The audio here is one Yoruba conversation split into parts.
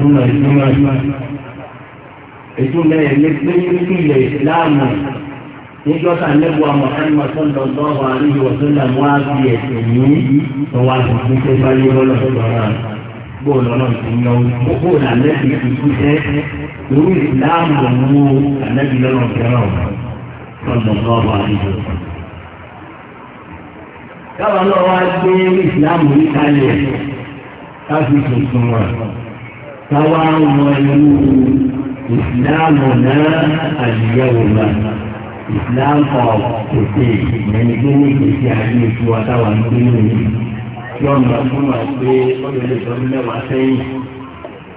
túmọ̀ ìtumọ̀ ìtumọ̀ ẹ̀mí pé nínú ilẹ̀ ìsìláàmù níjọ́ta lẹ́bùwà mọ̀hánmà sọ́dọ̀ lọ́wọ́ àríyí ọ̀sọ́dà wá bí ẹ̀sẹ̀ yìí lọ́wọ́ àtúntò tó bá yé lọ́lọ́ sọ̀rọ̀ bóòlù ọ̀nà ìyọ̀ bóòlù àlẹ́bí tuntun jẹ́ lórí ìsìláàmù mú àlẹ́bí lọ́nà ìfẹ́ràn sọ́dọ̀ lọ́wọ́ àríyí ọ̀sọ̀dà. káwọn náà wá gbé ìsìláàmù yìí kalẹ̀ káfíńtì tuntun káwá wọn irú ìsìláàmù náà àyẹ̀wò náà ìsìláàmù òkè ìyẹn tó ní ìgbésí ayé tí wọn táwọn ń gbé lónìí. yọ̀ọ́ máa fún wa pé ó lè lè tọ́jú mẹ́wàá sẹ́yìn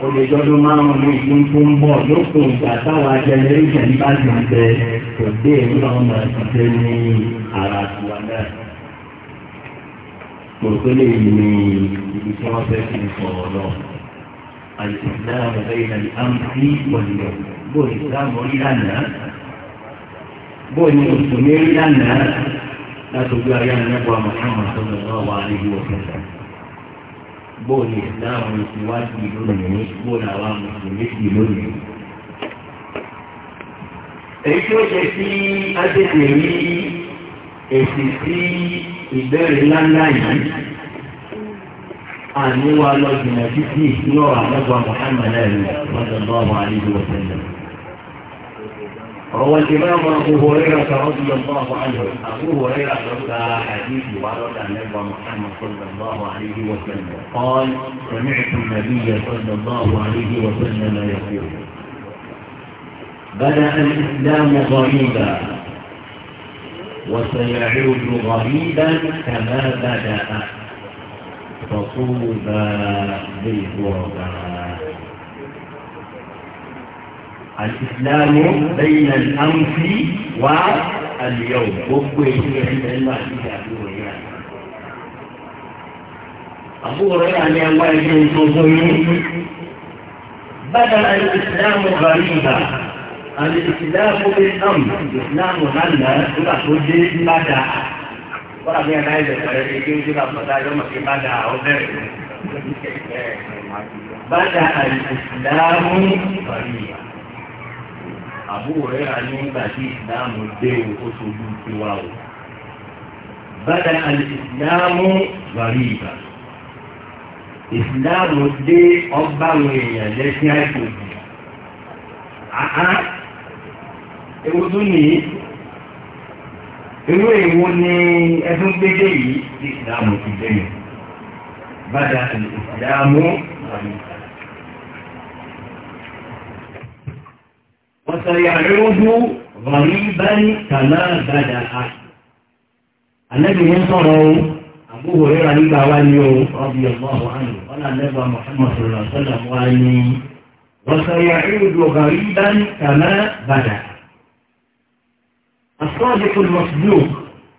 olùjọ́dún márùn-ún ní ìpín tó ń bọ̀ lókun ìgbà táwọn ajẹnẹrẹ́sẹ̀ bá ti ń bẹ kò dé èmi náà máa ní ara tiwa náà. mo lè ní ibi tí wọ́n fẹ́ fi sọ̀rọ̀ náà. الإسلام بين الأمس واليوم بو الإسلام إلى بو المسلمين إلى لا تبقى يا نبوة محمد صلى الله عليه وسلم bóò ní ìsìláàmù ìwádìí lónìí bóò ní àwọn mùsùlùmí èyí tí ṣe sí àtẹ̀tẹ̀ èsì sí ìbéèrè ńláńlá yìí àníwá lọ́gbìnà títí ìṣúná àlọ́gbà Muhammad محمد صلى الله عليه وسلم. روى الإمام أبو هريرة رضي الله عنه أبو هريرة رضى حديث ورد عن محمد صلى الله عليه وسلم قال سمعت النبي صلى الله عليه وسلم يقول بدأ الإسلام غريبا وسيعود غريبا كما بدأ فَصُوبَ للغرباء الإسلام بين الأمس واليوم gbogbo èyí rẹ̀ الله في àdúgbò àdúgbò yẹn. àbúrò rẹ̀ àní بدل الإسلام غريبا الإسلام بالأمر الإسلام هلا تبقى تجد بدأ wọ́n àbí ẹ̀ná ẹ̀jẹ̀ pẹ̀lẹ́ ní kí ó ti bá bàtà yọ mọ̀ sí bàdà ọ̀bẹ̀ bàdà àìsìláàmù pàríyà àbúrò rẹ̀ rà ní ìgbà tí ìsìláàmù dé o ṣojú tiwa o bàdà àìsìláàmù pàríyà àá ewu tún nìyí irú èwo ni ẹdún gbédé yìí ti ìsìlámù ti bẹ̀rẹ̀ bàdà ìsìlámù wọ́sọ̀yàrẹ́rọ́dún rọ̀rí báyìí kàmá bàdà á anábì ní sọ̀rọ̀ o àbúrò ríra nígbà wá ní o ọbí ọgbọ́n àwọn àná wọn àlẹ́gbà Muhammad sọ̀rọ̀ sọ́dọ̀ wá ní wọ́sọ̀yàrẹ́rọ́dún rọ̀rí báyìí kàmá bàdà á asọ́ọ̀dẹ́kù lọ́sùlù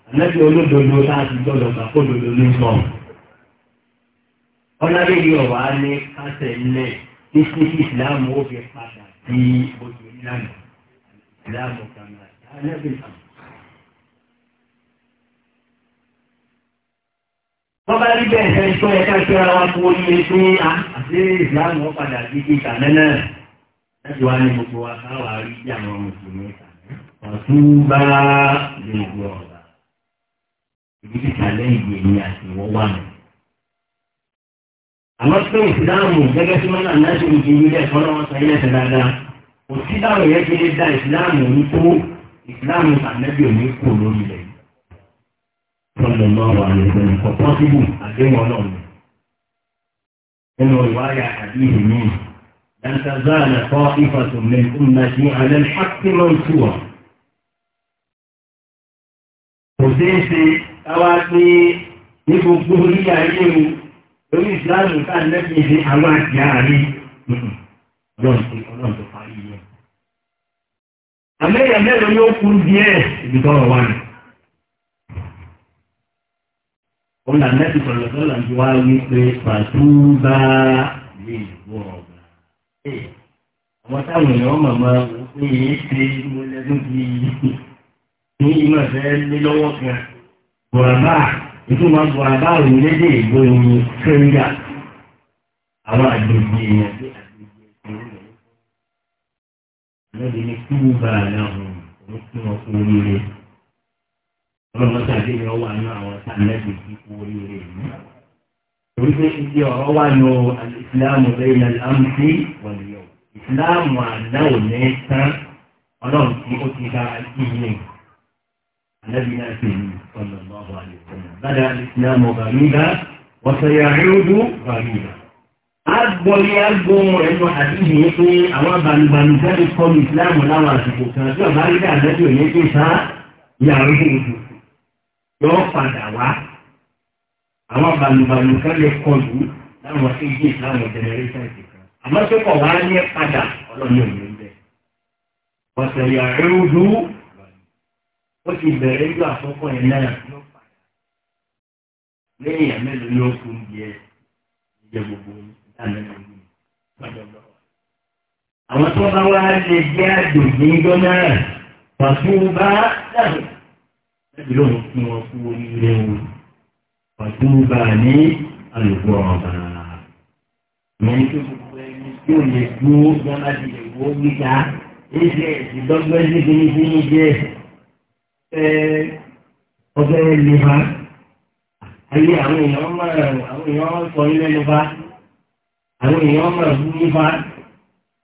ànábì olódodo láti gbọ́dọ̀ gbà kó dodo ló sọ. ọ̀nàdé yìí ọ̀wá ní kásẹ̀ ńlẹ̀ títí ìsìláàmù ó fi padà sí ojú ìlànà ìsìláàmù kan àti ànábì kan. wọ́n bá rí bẹ́ẹ̀ fẹ́ sọ ẹ̀ka tí ara wa fún oríire sí àti ìsìláàmù ó padà sí kíkà náà láti wá ní gbogbo wa káwàá rí bí àwọn mùsùlùmí kà. ọ̀túnba lèbu ọ̀la ìdílé kàlẹ́ ìgbè ni àtiwọ́ wà mí. àmọ́ pé ìsìláàmù gẹ́gẹ́ tí mọ́nà náà ṣe ìdí ilé ẹ̀kọ́ náà wọ́n sọ ilé ẹ̀sẹ̀ dáadáa kò sí báwọn yẹn ti lè da ìsìláàmù ní tó ìsìláàmù ànábì òní lórí rẹ̀. أن تزال طائفة من أمتي على الحق منصورة kò ṣeé ṣe káwá pé ní gbogbo orílẹ̀ ayé o lórí ìsìláàmù ká lẹ́bí ṣe àwọn àti àárín ọlọ́run tó parí yẹn. àmẹ́yà mẹ́rin yóò kú díẹ̀ ìdíkọ́rọ̀ wa rẹ̀. ó là mẹ́tì sọ̀rọ̀ sọ́là ju wá wí pé pàtó bá lè àwọn táwọn èèyàn màmá wò pé èyí ṣe mo lẹ́nu bí ní ìmọ̀ fẹ́ lé lọ́wọ́ kan bùràbá ìtumọ̀ bùràbá òun lédè ìgbó ni kẹ́ńgà àwọn àgbègbè èèyàn pé àgbègbè ìṣòro rẹ̀ ní kí wọ́n bá wípé ibi ọ̀rọ̀ wà ní ìsìláàmù lẹ́yìn àmì wọ̀lẹ̀yọ̀ ìsìláàmù àná ò ní tán ọlọ́run tí ó ti ka ìyè ànábì náà sì ní ọ̀nà ọ̀bọ̀ àlùfọ́nà bàdà ìsìláàmù bàmíga wọ̀sẹ̀yà rúdú bàmíga. agbọ̀lẹ̀ agbóhùn rẹ̀ lọ àdéhùn yìí pé àwọn bàmíbàmí jáde kọ́ ní ìsìláàmù láwọn àsìkò kan tí àwọn balùbalù kan lè kọlù láwọn egypt láwọn generation ti kan àmọ́ tó kọ̀ wá ní padà ọlọ́run ò ní bẹ́ẹ̀. ọ̀sẹ̀ yà rúdú ó ti bẹ̀rẹ̀ ìlú àkọ́kọ́ yẹn náà lẹ́yìn àmẹ́lò ni ó kún jẹ gbogbo ìdáná ìlú ìpàdánù. àwọn tó bá wá lè jẹ́ àjòjì ńjọ́ náà pàṣẹ bá dáhùn. ẹ̀dùn lóhùn fún wọn kú oríire wọn ọ̀túnba ní àlùkò ọ̀bà. Ìyẹn tó gbogbo ẹni tí ò lè dúró yálà ti lè wó gíga ẹsẹ̀ ìdọ́gbẹ́ sí finifini jẹ́ ẹ ọbẹ̀ lèba. Ayé àwọn èèyàn máa àwọn èèyàn sọ ilé lèba. Àwọn èèyàn máa bú nípa.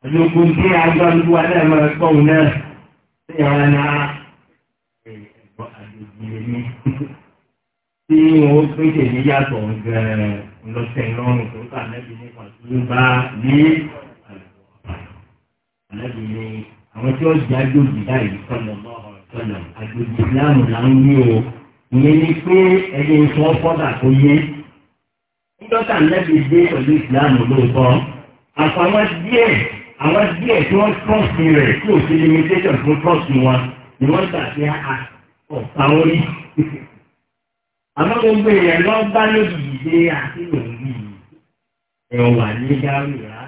Àdókò tí a gbọ́ lóko alẹ́ máa gbọ́ òun náà. Ṣé ìyàwó náà ẹ̀gbọ́n àdókò lè ní? tí wọ́n pèsè níyàtọ̀ gan-an lọ́sẹ̀ lọ́rùn tó kà lẹ́bi nípa tí ó bá lé àlẹ́bi ní àwọn tí ó jẹ́ àjòjì báyìí sọ̀nà sọ̀nà àjòjì ìsìláàmù là ń wí o ìyẹn ni pé ẹni sọ fọ́dà tó yé nígbàtà lẹ́bi dé pẹ̀lú ìsìláàmù lóòótọ́ àfàwọn díẹ̀ àwọn díẹ̀ tí wọ́n trọ́ọ̀sì rẹ̀ tí ò sí limitation fún trọ́ọ̀sì wọn ni wọ́n gbà pé ọ̀pá orí àmọ́ gbogbo èèyàn lọ bá lóbi ìdè àti òbí ẹ̀ wà ní dáwìrà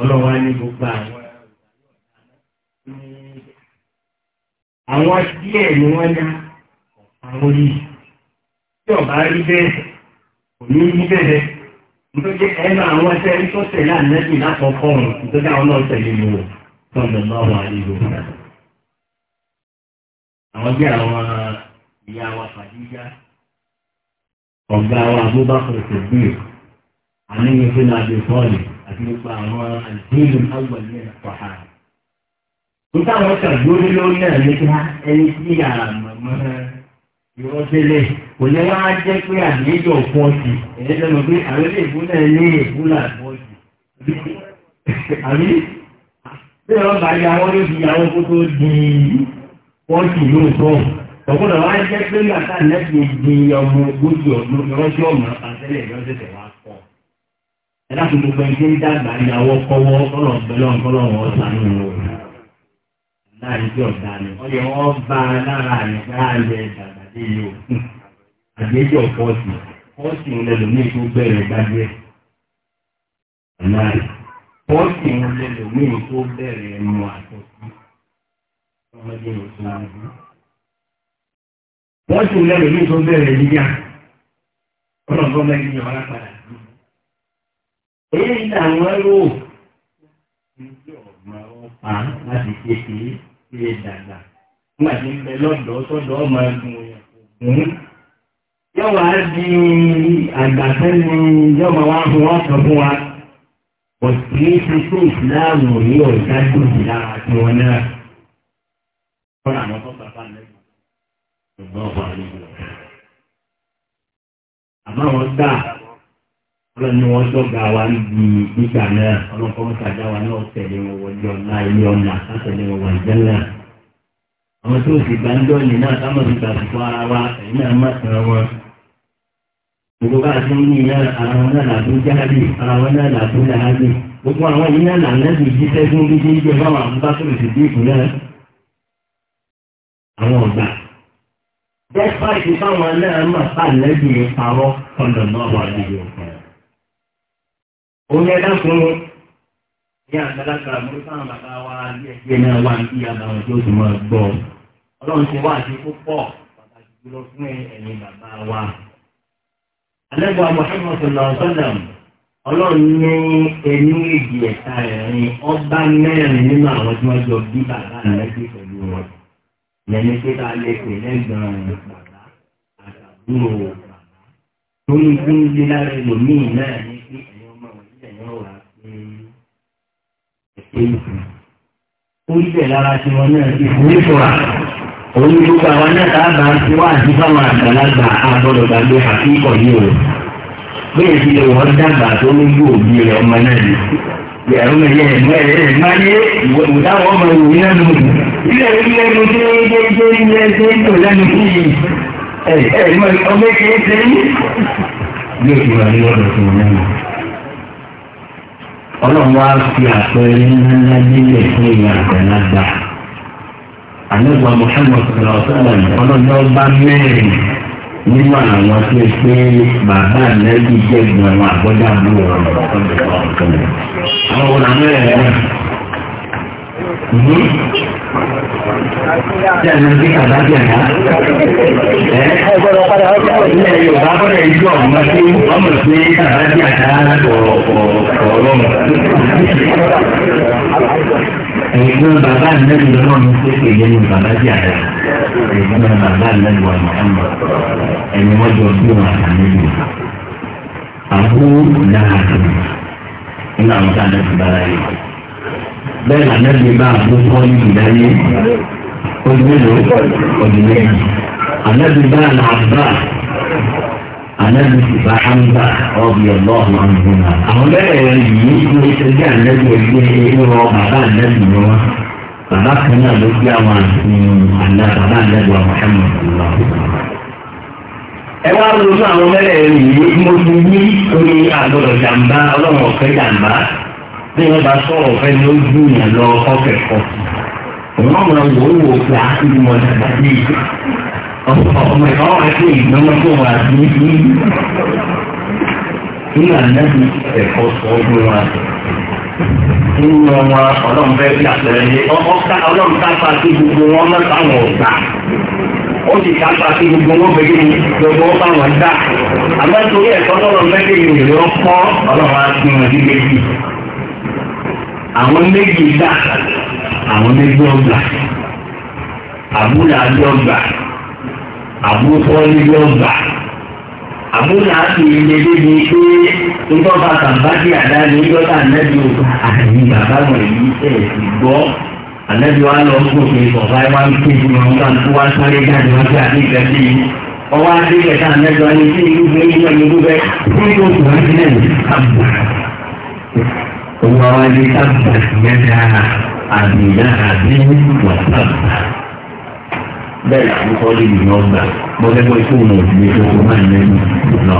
ọlọ́wà ní gbogbo àwọn àwọn díẹ̀ ni wọ́n yá àwọn yìí tí ọba rí bẹ́ẹ̀ kò ní rí bẹ́ẹ̀ nítorí ẹnu àwọn ẹsẹ̀ rí tó tẹ̀lé ànẹ́bì lákọ̀ọ́kọ́ ọ̀run nítorí àwọn náà tẹ̀lé mi wò tọ́ndọ̀ náà wà ní àwọn bí àwọn ìyá wa fàdíjá ọ̀gá wa abúbákùn ìṣègbè àníyàn fún abẹ́fọ́ọ̀lì àti nípa àwọn àdéhùn awọ̀lì ẹ̀ pàhà. nígbà wọn kàgbóni lórí náà ní ká ẹni tí yàrá màmá ìwọ tẹ́lẹ̀ kò ní wá jẹ́ pé àdéhùn ọ̀pọ̀ ọ̀sì ẹ̀yẹ́ lẹ́nu pé àwọn ilé ìbú náà ní ìbú làbọ̀ ọ̀sì. àbí bí wọ́n yà wọ́n ló fi yà wọ́n kó tó di wọ́n lóòótọ́ ọ̀gbọ́dọ̀ wá jẹ́ pé màtá nẹ́bí di ọmọ ogójì ọdún ìrọ́jú ọ̀mọ̀ àtẹ́lẹ̀ ìrọ́jẹ́ tẹ̀ wá pọ̀. ẹ láti gbogbo ẹni tí ń dàgbà ní àwọ̀ kọ́wọ́ kọ́lọ̀ bẹ́lọ́n kọ́lọ̀ wọn sànú wọn. láàrin tí ọ̀gá ni wọ́n yẹ wọ́n bá a lára àyíká alẹ́ dàgbà dé yìí o. àgbéjọ pọ́ọ̀sì pọ́ọ̀sì ń lẹ́lòmíì tó bẹ̀rẹ̀ gbájú ẹ̀. pọ́ọ̀sì ń lẹ́lòmíì tó bẹ̀rẹ̀ ẹnu àtọ́sí. ọmọdé yóò wọ́n sì lẹ́nu ní tó bẹ̀rẹ̀ yíyá ọlọ́gbọ́n mẹ́rin ni ọ̀rá padà èyí ni àwọn ẹrú ìdí ọ̀gbọ̀n ọ̀pá láti kékeré sí ẹ dàgbà nígbà tí ń bẹ lọ́dọ̀ sọ́dọ̀ ọmọ ẹ̀dùn ògùn yóò wá di àgbàsẹ́ni yóò máa wá fún wọn kan fún wa kò sí ti sí ìsìláàmù yìí ọ̀dájú ìlànà àti wọn náà. Fọ́nà àwọn tó bàbá lẹ́yìn ṣùgbọ́n wà ní ìlú. àmọ́ wọn gbà ọlọ́ni wọn dọ́gba wa níbi gbígbà náà ọlọ́kọ́ wọn tàjà wa náà tẹ̀lé wọn wọlé ọ̀la ilé ọ̀la látẹ̀lé wọn wà jẹ́ náà. àwọn tó sì gbà ń dọ́ọ̀lì náà táwọn ti gbà fún ara wa ẹ̀yìn náà má tẹ̀ wọn. gbogbo bá a ti ń yí iná ara wọn náà làbú jáde ara wọn náà làbú làálì gbogbo àwọn yìí náà làlẹ́ ti jíṣẹ́ fún bíbí ìjọba àwọn àbúkásọ̀rọ̀ sì dé ìpínlẹ̀ despite táwọn náà mà sàlẹ́bí parọ́ ọ̀dọ̀ náà wà lóye ọ̀kan. Oúnjẹ dákun ní àgbàlagbà mú sáwọn bàbá wa ilé ẹgbẹ́ náà wà ní àbáwọn tó sì máa gbọ́. Ọlọ́run ti wá àti púpọ̀ pàtàkì jùlọ fún ẹ̀yin bàbá wa. Àlẹ́gbọ̀ Mùsùlùmí Sọ̀lá Sọ́lá ọlọ́run ní ẹni èjì ẹ̀ka ẹ̀rin ọba mẹ́rin nínú àwọn tí wọ́n jọ bí lẹ́ni pé ta lè pè lẹ́gbọ̀n àtàbúrò tó ní kí ń gbé lára ẹlòmíì náà ní kí ẹ̀yin ọmọ òní ẹ̀yin ọ̀rá pé ẹ̀ṣẹ́ ìfù. ó ń bẹ̀ lára tí wọn náà ti fún ìfura òun ní gbogbo àwọn náà tá a bá ti wá àti fáwọn àgbàlagbà àgbọ̀dọ̀ gbàgbé àti ìkọ̀ yìí o. bẹ́ẹ̀ ti lè wọ́n dàgbà tó ní yóò bí ọmọ náà ni. ẹ̀rọ mi ẹ̀ ilé ilé mi déédé dé ilé dé ìlò lẹ́nu sí i ẹ̀rí mọ̀ ọmọ kéé ṣe rí bí o ti wà ní ọ̀dọ̀ tó wọn lẹ́nu. ọlọ́run wá fi àpẹẹrẹ ńlá nílẹ̀ fún ìyá àgbàlagbà àlẹ́gbà Muhammad sallallahu alaihi wasallam ọlọ́run bá mẹ́rin nínú àwọn tó pé bàbá àlẹ́bí jẹ́ ìgbọ̀nwọ́ àbọ̀dá àbúrò ọ̀rọ̀ ọ̀rọ̀ ọ̀rọ̀ ọ̀rọ̀ àwọn ọ̀rọ̀ àmẹ́rẹ̀ náà. Ṣé ẹ̀rọ ti kàdá jẹ̀ Ẹ gbọ́dọ̀ padà ọjọ́ ìlẹ̀ Yorùbá bọ̀dọ̀ ìjọ ọ̀mọ sí ọmọ sí kàdá jẹ̀ àdá ọ̀rọ̀ Ẹ̀gbọ́n bàbá ìlẹ́nu lọ́wọ́ mi ṣe ìyẹn ni bàbá jẹ̀ àdá. Ẹ̀gbọ́n bàbá ìlẹ́nu wà mọ̀ ẹ̀yìn wọ́n jọ bí wọn àtàlẹ́nu. Àbúrò náà àtàlẹ́nu. Nínú àwọn bẹ́ẹ̀ lànàbí bá àbú pọ́lì ìdáyé ojúlò ọ̀dùnmẹ́ ànàbí bá àlàbà ànàbí bá àmbà ọ̀bì ọlọ́ọ̀hún àbúrò àwọn bẹ́ẹ̀ yìí ní ṣẹ́jú ànàbí ẹgbẹ́ ìwọ bàbá ànàbí ni wọ́n bàbá kan náà ló gbé àwọn àná bàbá ànàbí wa Muhammad lọ. ẹ wá ronú àwọn bẹ́ẹ̀ yìí mo ti ní orí àgbọ̀dọ̀ jàǹbá ọlọ́run ọ̀fẹ́ jàǹbá bí wọ́n bá sọ̀rọ̀ fẹ́ ló jù yàn lọ ọ̀fẹ́ kọ. Òun náà máa wò ó wò pé àkúrú wọn dàgbà sí i. Ọmọ ìfà wọn pé ìgbọ́nà tó wà sí i. Nínú ànábi ẹ̀kọ́ sọ ọdún wa. Nínú wọn ọlọ́run fẹ́ bí àpẹẹrẹ ní ọlọ́run kápá sí gbogbo wọn mọ́ta wọn ọ̀gbà. Ó sì kápá sí gbogbo wọn bẹ̀rẹ̀ ní gbogbo wọn bá wọn dà. Àbá torí ẹ̀kọ́ lọ́rọ̀ mẹ́tẹ̀ẹ̀yìn ìrọ̀ kọ́ ọlọ́run àwọn méjì gbà àwọn méjì ọgbà àbúlà àbí ọgbà àbúfọ́lì ọgbà àbúlà àti ìdílé bí pé nígbà bá kàmbájì àdáni nígbà tá ànábi ò àyè bàbá wọ̀nyí ẹ̀ ti gbọ́ ànábi wa lọ ń gòkè ọ̀gá ẹ̀ wá ń ké ju wọn ká tó wá sáré jáde wọn sí àti ìgbà sí ọwọ́ adé kẹta ànábi wa ní sí ìlú bẹ́ẹ̀ ní ìlú bẹ́ẹ̀ ní ìlú bẹ́ẹ̀ ní وقال أبت يدا أبي لهب وتب bẹ́ẹ̀ làwọn kọ́lé ìlú ọgbà bọ́lẹ́gbọ́ ikú mọ̀ ní gbogbo máa ń lẹ́nu lọ.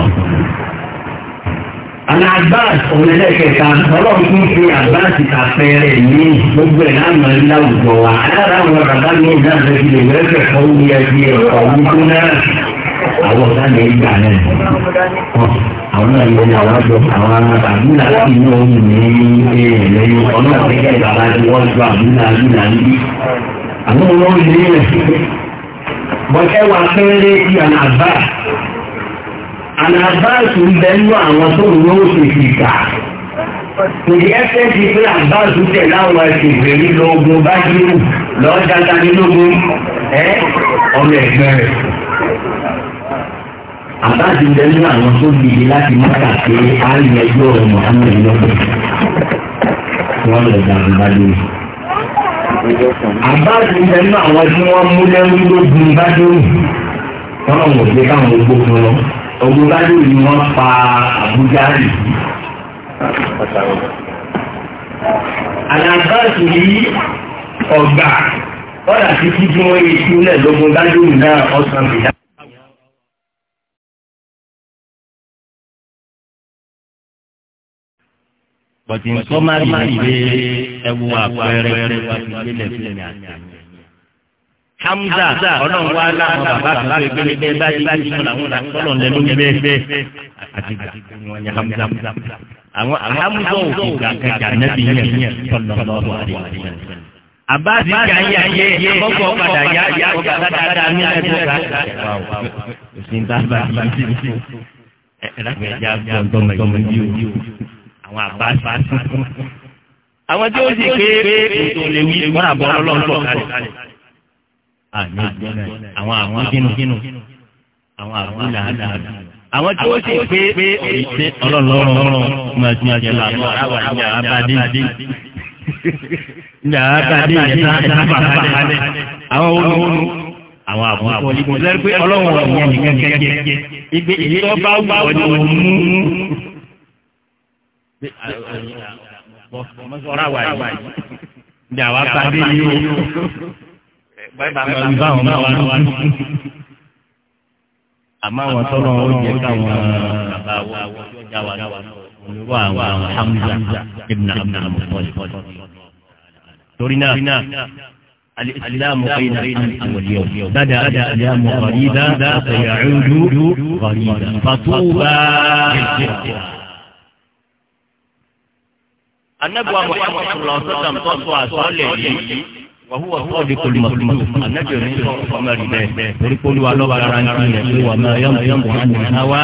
àná agbáàs ọ̀nẹ́lẹ́kẹ̀ta ọlọ́run tún fi agbáàs kàfẹ́rẹ́ ní gbogbo ẹ̀ láàmú ẹ̀ láwùjọ wa alára bàbá mi náà lè fi lè wẹ́ẹ̀fẹ̀ kọ́ wúyẹ́ bí ẹ̀kọ́ wúkú náà àwọn ọ̀dà lè gbà àwọn náà lè ní àwọn àjọ àwọn àbúlà láti omi ní èèyàn lẹ́yìn ọlọ́run gẹ́gẹ́ ni wọ́n ju àbúlà àbúlà níbí àwọn ọmọ wọn lè rẹ̀ bọ́kẹ́ wa péré ti ànàbà ànàbà tó ń bẹ nínú àwọn tó ń lówó ṣe fi kà ìdí ti pé àbá tó láwọn ẹsẹ̀ ìgbèrí lóògùn bá dínú lọ́ọ́ dáadáa nínú ogun ọmọ ẹ̀gbẹ́ rẹ̀ àbáàdì ń bẹ nínú àwọn tó gbìyànjú láti má kà pé a ń yẹ ẹjọ́ ọ̀rọ̀ Muhammed lọ́dọ̀ wọn lọ dàrú bá lórí. àbáàdì ń bẹ nínú àwọn tí wọ́n mú lẹ́rú lógun bá lórí wọn lọ́wọ́ gbé káwọn ogbó fún wọn ogun bá lórí ni wọ́n pa Àbújá rì. àlàbáàsì yìí ọ̀gbà ọ̀dà títí tí wọ́n yẹ kí ó lẹ̀ lógun bá náà ọ̀sán fìdá. bọ̀tí nǹkan má rí ìwé ẹwu àpẹẹrẹ ìgbélẹ̀ fílẹ̀ àti. Hamza ọlọ́run wa láwọn bàbá kan pé pé bẹ́ẹ̀ bá yí báyìí sọ̀rọ̀ àwọn àkọlọ̀ ń lẹ́nu bẹ́ẹ̀ bẹ́ẹ̀ àti wọn ni Hamza. Àwọn Hamza ò fi gàkẹ́ gànẹ́bí yẹn sọ̀rọ̀ lọ́wọ́ àdìyẹ. Àbáàdì kà ń yà yé ọkọ̀ padà yá ọkọ̀ dáadáa ní ẹ̀dùn ká. Òsín tábà yìí àwọn àbá àwọn tí ó sì pé ètò lè wí wọn àbọ̀ ọlọ́ọ̀lọ́ kalẹ̀. àní ìjọba àwọn àwọn gínú àwọn àbúlà àdàbà àwọn tí ó sì pé òyìnbó ọlọ́ọ̀lọ́rọ̀ máa ti àjẹ làwọn àwọn àjà abadé ìjà abadé ìyẹn náà bàbá kalẹ̀ àwọn olóhùn àwọn àbúrò àbúrò lẹ́rú pé ọlọ́run ọ̀yẹ́ nìkan kẹ́kẹ́ ìgbé ìlú ọba wà ní mú ọ̀rá wa yìí ní àwa pàdé yìí o bàbá àwọn máa wà lọ́wọ́ àmọ́ àwọn tọ́lọ́ ó jẹ́ káwọn bàbá wa já wa onírú àwọn Hamza ibn Abdul Muttalib torí náà الإسلام بين الأولياء بدأ الإسلام غريبا وسيعود غريبا فطوبى للجهة anabiwa muhammed sallallahu alaihi wa sallam tó sọ àsọlẹ̀ yìí wàhùwà sọ́ọ̀dì kòlùmọ̀lù anabi òní sọ ọmọ rẹ̀ bẹ́ẹ̀ torí pé olúwa lọ́wọ́ ara ń tilẹ̀ pé wà máa yọ̀ mọ̀ mọ̀ àná wá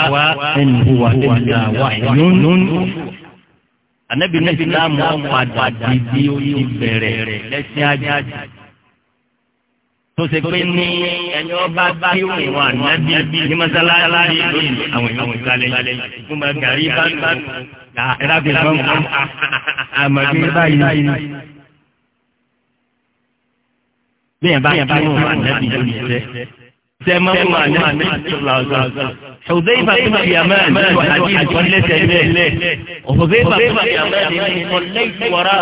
ẹnì wà ẹnìyà wà ẹ̀yún. anabi ní ìsìlámù padà di bí ó ti bẹ̀rẹ̀ lẹ́sìn ajá tó ṣe pé ní ẹni ọba kírun ìwọ̀n ànábì ní mọ́sálásí lónìí àwọn ìwọ̀n ìkàlẹ̀ yìí mo gàrí bá nù ẹ̀rábìlì mọ́ àmàgbé báyìí ní. bẹ́ẹ̀ bá kírun ìwọ̀n ànábì lónìí jẹ́ sẹ́mọ́mọ́ ànábì sọ̀rọ̀ ọ̀sán. ṣòdé ìfà fún ìyàmẹ́ àti àdí ìfọ̀n lẹ́sẹ̀ lẹ́ òfòfé ìfà fún ìyàmẹ́ àti ìfọ̀n lẹ́sẹ̀ wọ́rá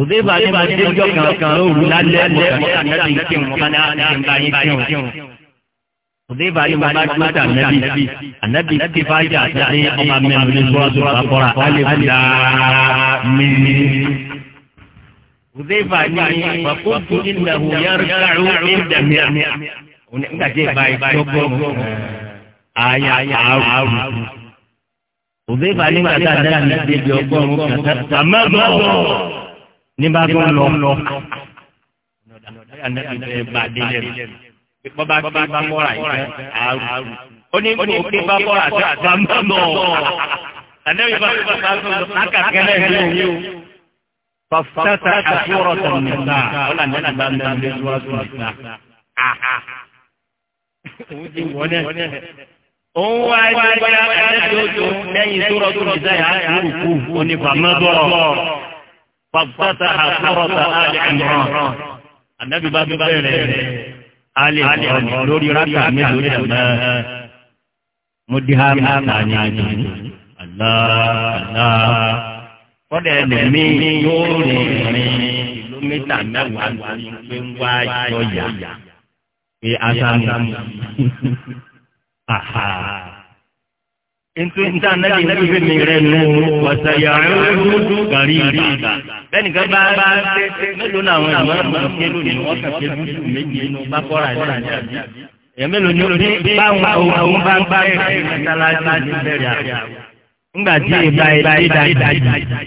òde bá ní bàtí ọjọ́ kan lóru lálẹ́ mọ̀kànlá ní kí wọn bá náà ní bá yín kí wọn. òde bá ní bàtí ọjọ́ kan ànábì ànábì kí fájà àti ọmọ mẹ́rin ní sọ́ọ́sì pàpọ́ra alẹ́kùnlá mi. òde bá ní pàkókò ìnáwó yára káàró ìdàmíà nígbà tí ìbá yìí gbọ́gbọ́ àyà àrùn. òde bá ní bàtí ànábì ọgbọ́n kàtà mẹ́gbọ́n nígbà tó ń lọ bọ́bá tí bá bọ́ra yìí àrù ó ní kò kí bá bọ́ra tí àti àmọ́ àdéhùn bá bá bá tó lọ akàkẹ́lẹ́ yìí o. Fafata àfúrọ̀tà nìta ọ̀là nínú bá ń dáná lórí nìta. Òun wá ẹgbẹ́ ẹgbẹ́ ẹgbẹ́ tó lẹ́yìn tó rọ́tò nìta yà á kúrú kú onífàmọ́ bọ̀ fàbátà àtúrọ̀tà àlẹ́ àmọ́ràn ànábì bá bí bẹ́ẹ̀ rẹ̀ àlẹ́ àmọ́ràn lórí rákà mélòó rẹ̀ mọ́ mo di ha máa ta ni àjò àlá àlá kọ́dà ẹlẹ́mí yóò rìn rìn kìlómítà mẹ́wàá lórí pé ń wá yọ̀yà pé aṣáájú nta anabi anabi fi mi rẹ nu wasaya ẹrú gari ìgbà bẹ́ẹ̀ni ká bá bá mélòó náà àwọn ìmọ̀ àwọn kéwòn ní wọ́n kà kéwòn méjì nínú bá kọ́ra ẹ̀ ní èyàn mélòó ni o bí báwọn òun bá ń bá ẹ̀ ṣáláṣá ní bẹ̀rẹ̀ àríyá ńgbà tí ìgbà ìgbà ìdá ìdá ìdá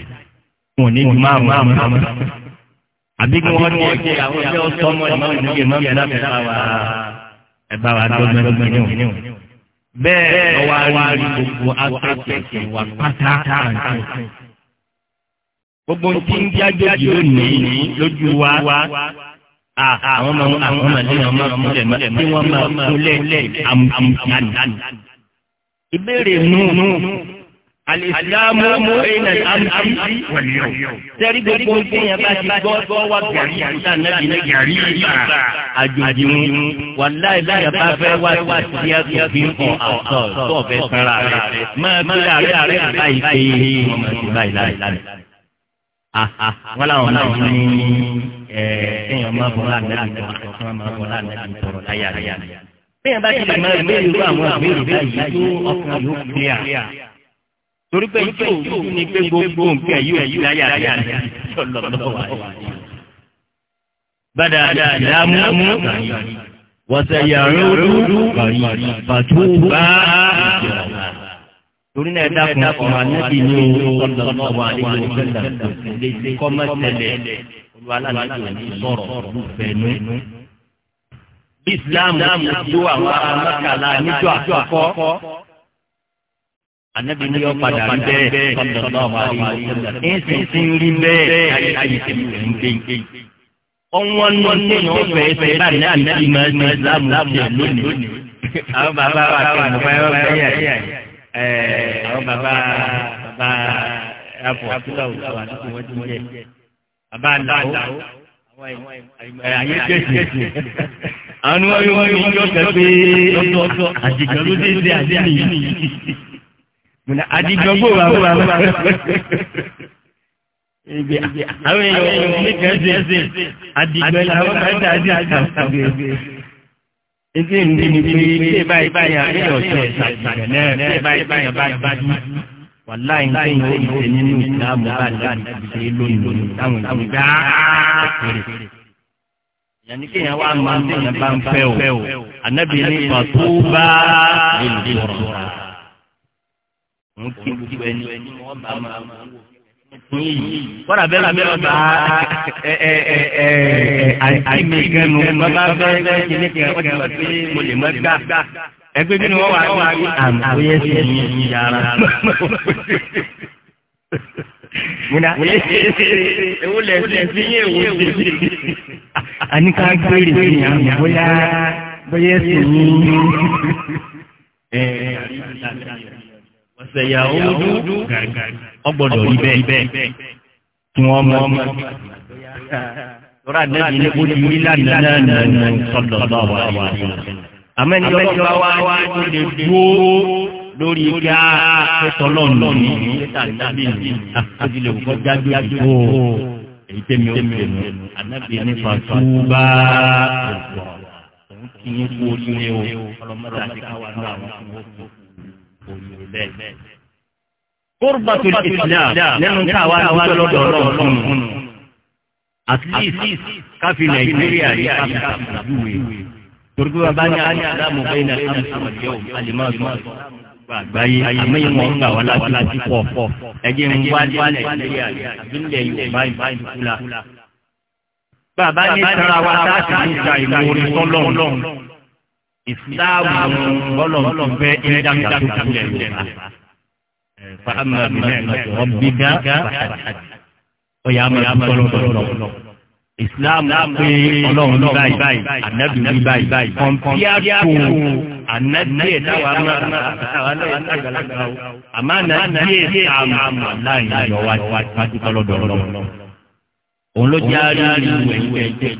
wọn ní ju márùn márùn márùn àbí kí wọ́n ní ẹgbẹ́ àwọn ẹgbẹ́ ọ̀sán mọ́ ẹ̀ máa ń dúgẹ̀ mọ́ ẹ̀ náà ẹ̀ bá bẹ́ẹ̀ lọ́wọ́ àrí gbogbo agbẹ́gbẹ́ wa pátá àǹtí. gbogbo tí ń jájẹ́jì lónìí lójú wa àwọn ọmọ àwọn ọmọ lẹ́yìn ọmọ ọmọ lẹ́yìn tí wọ́n máa kú lẹ́yìn àmúkúnyánì. ìbéèrè nù nù. Àlìsílámù ẹ̀yìnà àmì wẹ̀lẹ̀ o. Tẹ́rí gbogbo ìgbéyàn bá ti gbọ́ gbọ́ wá gàrí àtà náà ní gàrí ìgbà àjòjì mu. Wàláì báyà bá fẹ́ wá wá sí ẹ̀kọ́ fi hàn àtọ̀ tó ọ̀fẹ́ sanra rẹ̀. Máa pé ààrẹ ààrẹ àbáyé pé ọmọ ti báyìí láì lálẹ́. Wọ́n láwọn náà ní ẹ̀ẹ́dẹ́yìn ọmọ bọ́lá nẹ́bí tọ̀rọ̀ ọmọ bọ́lá nẹ́bí tọ̀rọ̀ láyà rẹ̀. Bẹ́ẹ̀ bá ti lè máa gbé irú àwọn àgbèrè báyìí tó ọkùnrin yóò torí pé ìjọ òjú ni pé gbogbo nǹkan yóò yí láyà rẹ̀ lọ́lọ́lọ́ wa. Bàdà ìdààmú wọ̀sẹ̀yàrá olú fàtúbà torí náà dákun ọmọ anábì ní ọlọ́lọ́ wa ní ìgbẹ́lẹ̀ lẹ́sẹ̀ kọ́mọ́tẹ̀lẹ̀ olùwàlàlàjò ní sọ̀rọ̀ lùfẹ̀ẹ́nu. Ìsìláàmù tó àwọn amákàlà níjọ́ àkọ́kọ́ anabi ni yọ padà rí bẹ́ẹ̀ sọ́dọ̀ náà wà ń sì rí bẹ́ẹ̀ ayé ayé tẹ̀lé ń gbé ń gbé. ọ̀wọ́n náà ní ìyàn fẹ́ anabi máa ń gbé láàmú jẹ lónìí. àwọn bàbá wa kà ní báyọ̀ báyà ẹ̀ àwọn bàbá bàbá ẹ̀fọ́ àtúntà òkú àdúgbò wọn ti jẹ. bàbá àdáwó ayé kẹ̀kẹ́ àwọn ni wọ́n yóò mú ìjọ kẹ́kẹ́ ọ̀dọ́ àdìgbà ló dé dé àdé nìyí àdìjọ bò wà bò wà bò wà. àwọn èèyàn ní kẹsẹ̀ àdìjọ làwọn máa ń dájú àtàkùn ètò ìlú ni pé ilé báyìí báyìí àti ọ̀sẹ̀ ìsàgbọ̀n náà ilé báyìí báyìí báyìí báyìí wàlá ìgbẹ́ yóò ń ṣe nínú ìsìlámù bá láti ṣe lónìí táwọn ìlú gbá kéré. yàní kéèyàn wá máa ń tẹ̀yàn bá ń fẹ́ o ànábìíní pàtó bá lè lè rọrùn òun kí gbogbo ẹni wọn bá máa wò kọ́ra bẹ́ẹ̀ la bẹ́ẹ̀ bá àìmẹ̀kẹ́nu bàbá bẹ́ẹ̀ kíni kẹ́ ọjà wà pé mo lè mọ́ gbà ẹgbẹ́ bí wọ́n wà wá rí àmúyẹ́ sí ní yàrá. Múna ewu lẹ sí sí yé ewu sí sí. Àní ká gbére sí ní àmì bóyá bóyá sí ní. Ẹ̀ẹ́dì àti àti àti ọ̀sẹ̀yà òdu ọgbọ́dọ̀ rí bẹ́ẹ̀ tí wọ́n mọ ọmọ lọ́ra nẹ́bí ní kó ní lánà lánà sọ̀dọ̀ lọ́wọ́ àwọn àṣà. àmẹ́ni ọlọ́ba wa wá ló lè dúró lórí ká pẹ́tọ́ lọ́nà ní pẹ́tà nábì ní àti lè kọ́ jáde ìdìbò èyí tẹ́mi ó tẹ̀mí ànábì ní fàtúbà òun kì í kú oríire o ọlọ́mọdé àti káwa náà wọ́n kú. Kurba lò bẹ́ẹ̀. kórbatul islam lẹ́nu káwa àwùjọ lọ́dọ̀ ọlọ́run fún un at least káfí nàìjíríà yìí káfí àbúwé torí bá ní aláàmú bẹ́ẹ̀ ní aláàmú yóò alimọ́ọ̀dù àgbáyé àmẹ́yìn wọn gbà wá láti pọ̀ ẹ̀jẹ̀ ń wá ní nàìjíríà àbílẹ̀ yorùbá ìbáyìí kúlà. bàbá ní tara wa láti ní ìgbà ìmọ̀ orin tọ́lọ́run ìsìláàmù ọlọ́run fẹ́ ìdàgbà tó kulẹ̀ yorùbá. fàámà bìnnẹ́ ọ̀bìgá ọ̀yà àmàlà tọ́lọ́tọ́lọ́. ìsìláàmù pé ọlọ́run báyìí ànábì ní báyìí kọ̀m̀píàtò ànábì ẹ̀dáwà àgbàlagbà àmà ànábì ẹ̀dáwà láàyè ìyọ̀wá ìwájú tọ́lọ́dọ̀ọ́lọ́. òun ló jẹ́ àárín ìwé ìwé ìjẹ́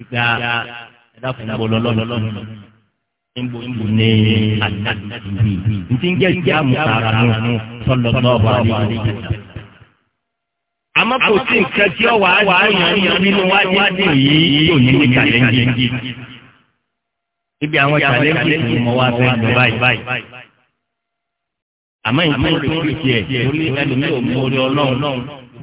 ìgbà ẹ̀dàkùnbó lọ́lọ́lọ́lọ́ níbo níbo ní àdàkùnbí ntí ń jẹ́ ìjáàmù tààrà nù sọ́lọ́ lọ́ọ̀bù àdìgbò. yìí yóò ní ní kàlẹ́ńjì. ibi àwọn kàlẹ́ńjì ni mo wá fẹ́ lọ báyìí àmọ́ ìtúrò tó ń fi tiẹ̀ torí ẹlòmíràn mú orí ọlọ́run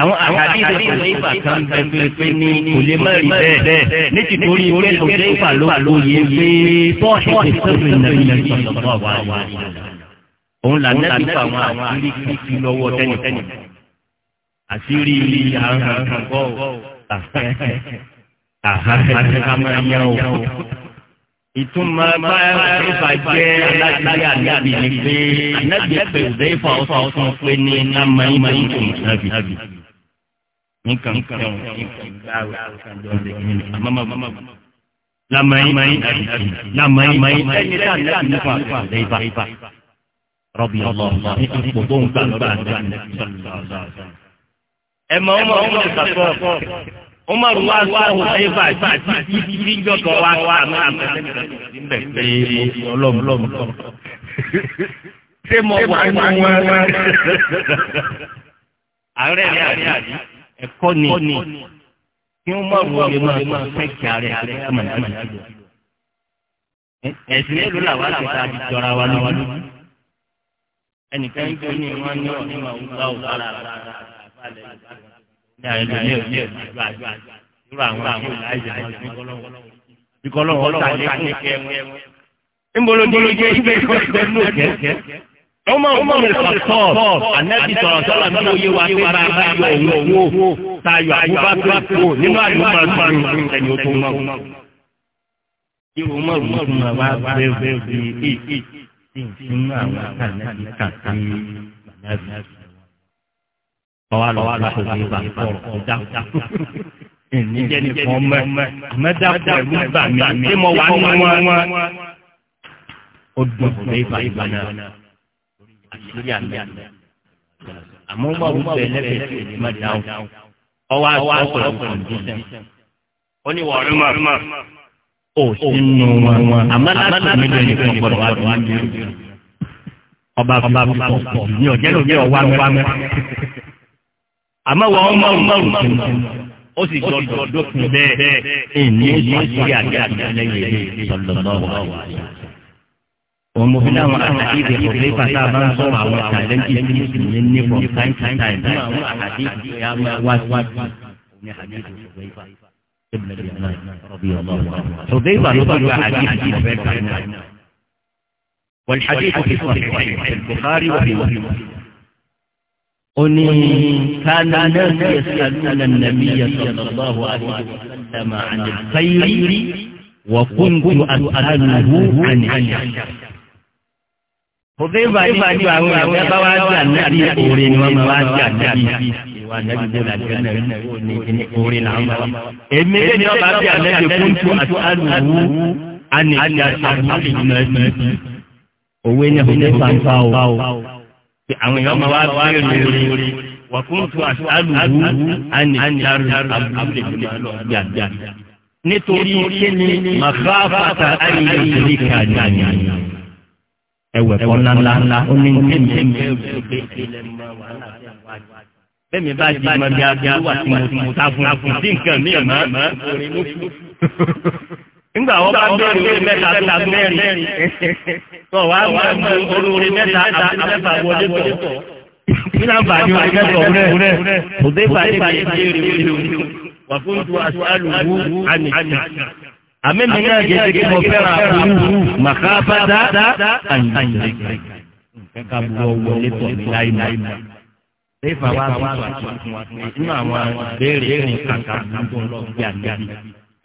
àwọn àhàdí ìdòdò ìfà kan bẹ pépé ní kò lè má rí bẹ́ẹ̀ níti torí pé òde ìfà ló wà lóye pé tọ́ọ̀ṣì ti sọ́dọ̀ ìnàbí nàbí sọ̀tọ̀ wà wà. òun là nẹ́bí fún àwọn àṣírí kíkí lọ́wọ́ tẹ́nìtẹ́nì àṣírí àhàn kọ́ àhàn àmọ́ yẹn o. ìtumọ̀ bá ìfà jẹ́ alágbáyà nàbí ni pé ànágbèpè òde ìfà ọ̀sán pé ní nàmọ́ ìmọ̀ ìkùn nàbí nǹkan fẹ́ràn ìgbàwé àjọyọ̀ ìyẹn àmọ́mọ́ lamẹ́yìn lamẹ́yìn ẹni tí a ní láti nípa àgbẹ̀ ibà ibà rọ́bì ọlọ́ọ̀lọ́ ní ipò tó ń gbà gbà gbà. ẹ mọ ọmọ ọmọ ìgbàgbọ́ ọmọ rẹ wá wá wò ẹ bá ẹ bá ti ti ti jọ kọ wá wá àmọ́ àmọ́ ẹ bẹ pé ọlọ́mù lọ́mù kọ́. ṣé mo wà ní wọn. àárẹ̀ ni àdí ẹ̀kọ́ ni kí wọ́n máa wọ ilé máa máa fẹ́ kí ara ẹ̀ kí wọ́n máa náà jù. ẹ̀sìn èlò làwọn àtẹ̀tẹ̀ àti jọra wa lójú. ẹnìkan ń gbóni wọn ní ọ̀nà ìmọ̀ òwúrọ̀ òwúrọ̀ àbálẹ̀ ní àyẹ̀lò ní òní ìlú àjọ irú àwọn àwọn ìlàjà ìkọlọ́wọ́ ọ̀tà ní kẹ́kẹ́ ń bolo ní ìgbẹ́ ìgbẹ́ ìgbẹ́ ìgbẹ́ ọmọ ọmọ mi sọ sọ anabi sọ̀rọ̀ sọlá ní oyé wa pé bá a yọ òun wo tayọ àbúbá tó kú nínú àyùmọ̀ tó ń lu ẹni tó ń mọ̀. irun mọ̀ rú wá bẹ́ẹ̀ bẹ́ẹ̀ bí èyí tí n fi mú àwọn anabi kàkà ní ọwọ́ àlọ́ wa lọ́kọ̀ ní ìgbà kọ̀ọ̀rọ̀ kọjá. ìníjẹ́ni fún ọmọ mẹ́ta pẹ̀lú gbàmí tí mo wà nínú wọn. ó dùn fún mi àṣírí àmì àmọ́ wọ́n wọ́n bẹ̀ lẹ́bẹ̀ẹ́ tí èmi máa dáhùn ọwọ́ àwọn ọ̀pọ̀lọpọ̀ ìdíjẹ́ ó ní wọ́n rí màá ó sì nù wọn àmọ́ látọ̀ mi lẹ́yìn kan gbọ́dọ̀ wá lọ́wọ́ ní ọba ọba púpọ̀ ní ọ̀jẹ́ ló ní ọwá wá mẹ́ àmọ́ wọ́n mọ̀ mọ̀ ó sì jọ dọ́kun bẹ́ẹ̀ ní ìlú ìṣúrí àti àgbẹ̀lẹ́yìn ìlú ìsọ̀lọ́lọ́wọ́ wọ́n mú fún àwọn àhàdìdì ọ̀fẹ́ pàtà bá ń sọ̀rọ̀ àwọn àtàlẹ́jì tí mùsùlùmí ní from time to time bí àwọn àhàdìdì yà máa wá síwájú ní àhàdìdì ọ̀fẹ́ pàtà. ọ̀fẹ́ pàtà ló bá gba àhàdìdì ọ̀fẹ́ pàtà. والحديث في صحيح البخاري وفي مسلم أني كان الناس يسألون النبي صلى الله عليه وسلم عن الخير وكنت أسأله عن الشر Òféèfà ní àwọn àwọn ẹ̀bá wá sí ànábì orin ni wọ́n máa wá sí ànábì. Ìwà ànábì jẹ́ ànábì ní orin làwọn bá wá. Èmi lè ní ọba sí ànábì kúntù àti àlùwú àní àti àlùwú ìmọ̀ ẹ̀sìn. Òwe ni òféèfà ń fa o. Àwọn èèyàn máa wá béèrè orin. Wàkúntù àti àlùwú àní àti àlùwú ìmọ̀ ẹ̀sìn. Nítorí kí ni màkàfàtà àyè ìdílé kàdá ni? ẹwẹ̀ kọ́ ńláńlá ó ní nkémi. bẹ́ẹ̀ni bá di ma bí a wà tí mo ta fún un sí nǹkan mi ẹ̀ mọ́. nígbà wọ́n bá bẹ́ẹ̀ lé mẹ́ta ta mẹ́rin tó wà á mú olórí mẹ́ta àti mẹ́ta wọlé tọ̀. kí náà bá ní orí mẹ́ta ọ̀rẹ́ òde bá dé bá yé bá yé rí rí rí wà fún tu aṣọ àlùkù àná àmì mi náà gẹ̀ẹ́sì kí mo fẹ́ràn àbúrú màkàbàdà àyìnbí. nǹkan ká bu ọwọ́ létọ̀ mi láì mọ́. Bẹ́ẹ̀fà wa bá wà nínú àwọn béèrè ní kàkà nígbà ọlọ́ọ̀gbẹ́ àgbàdì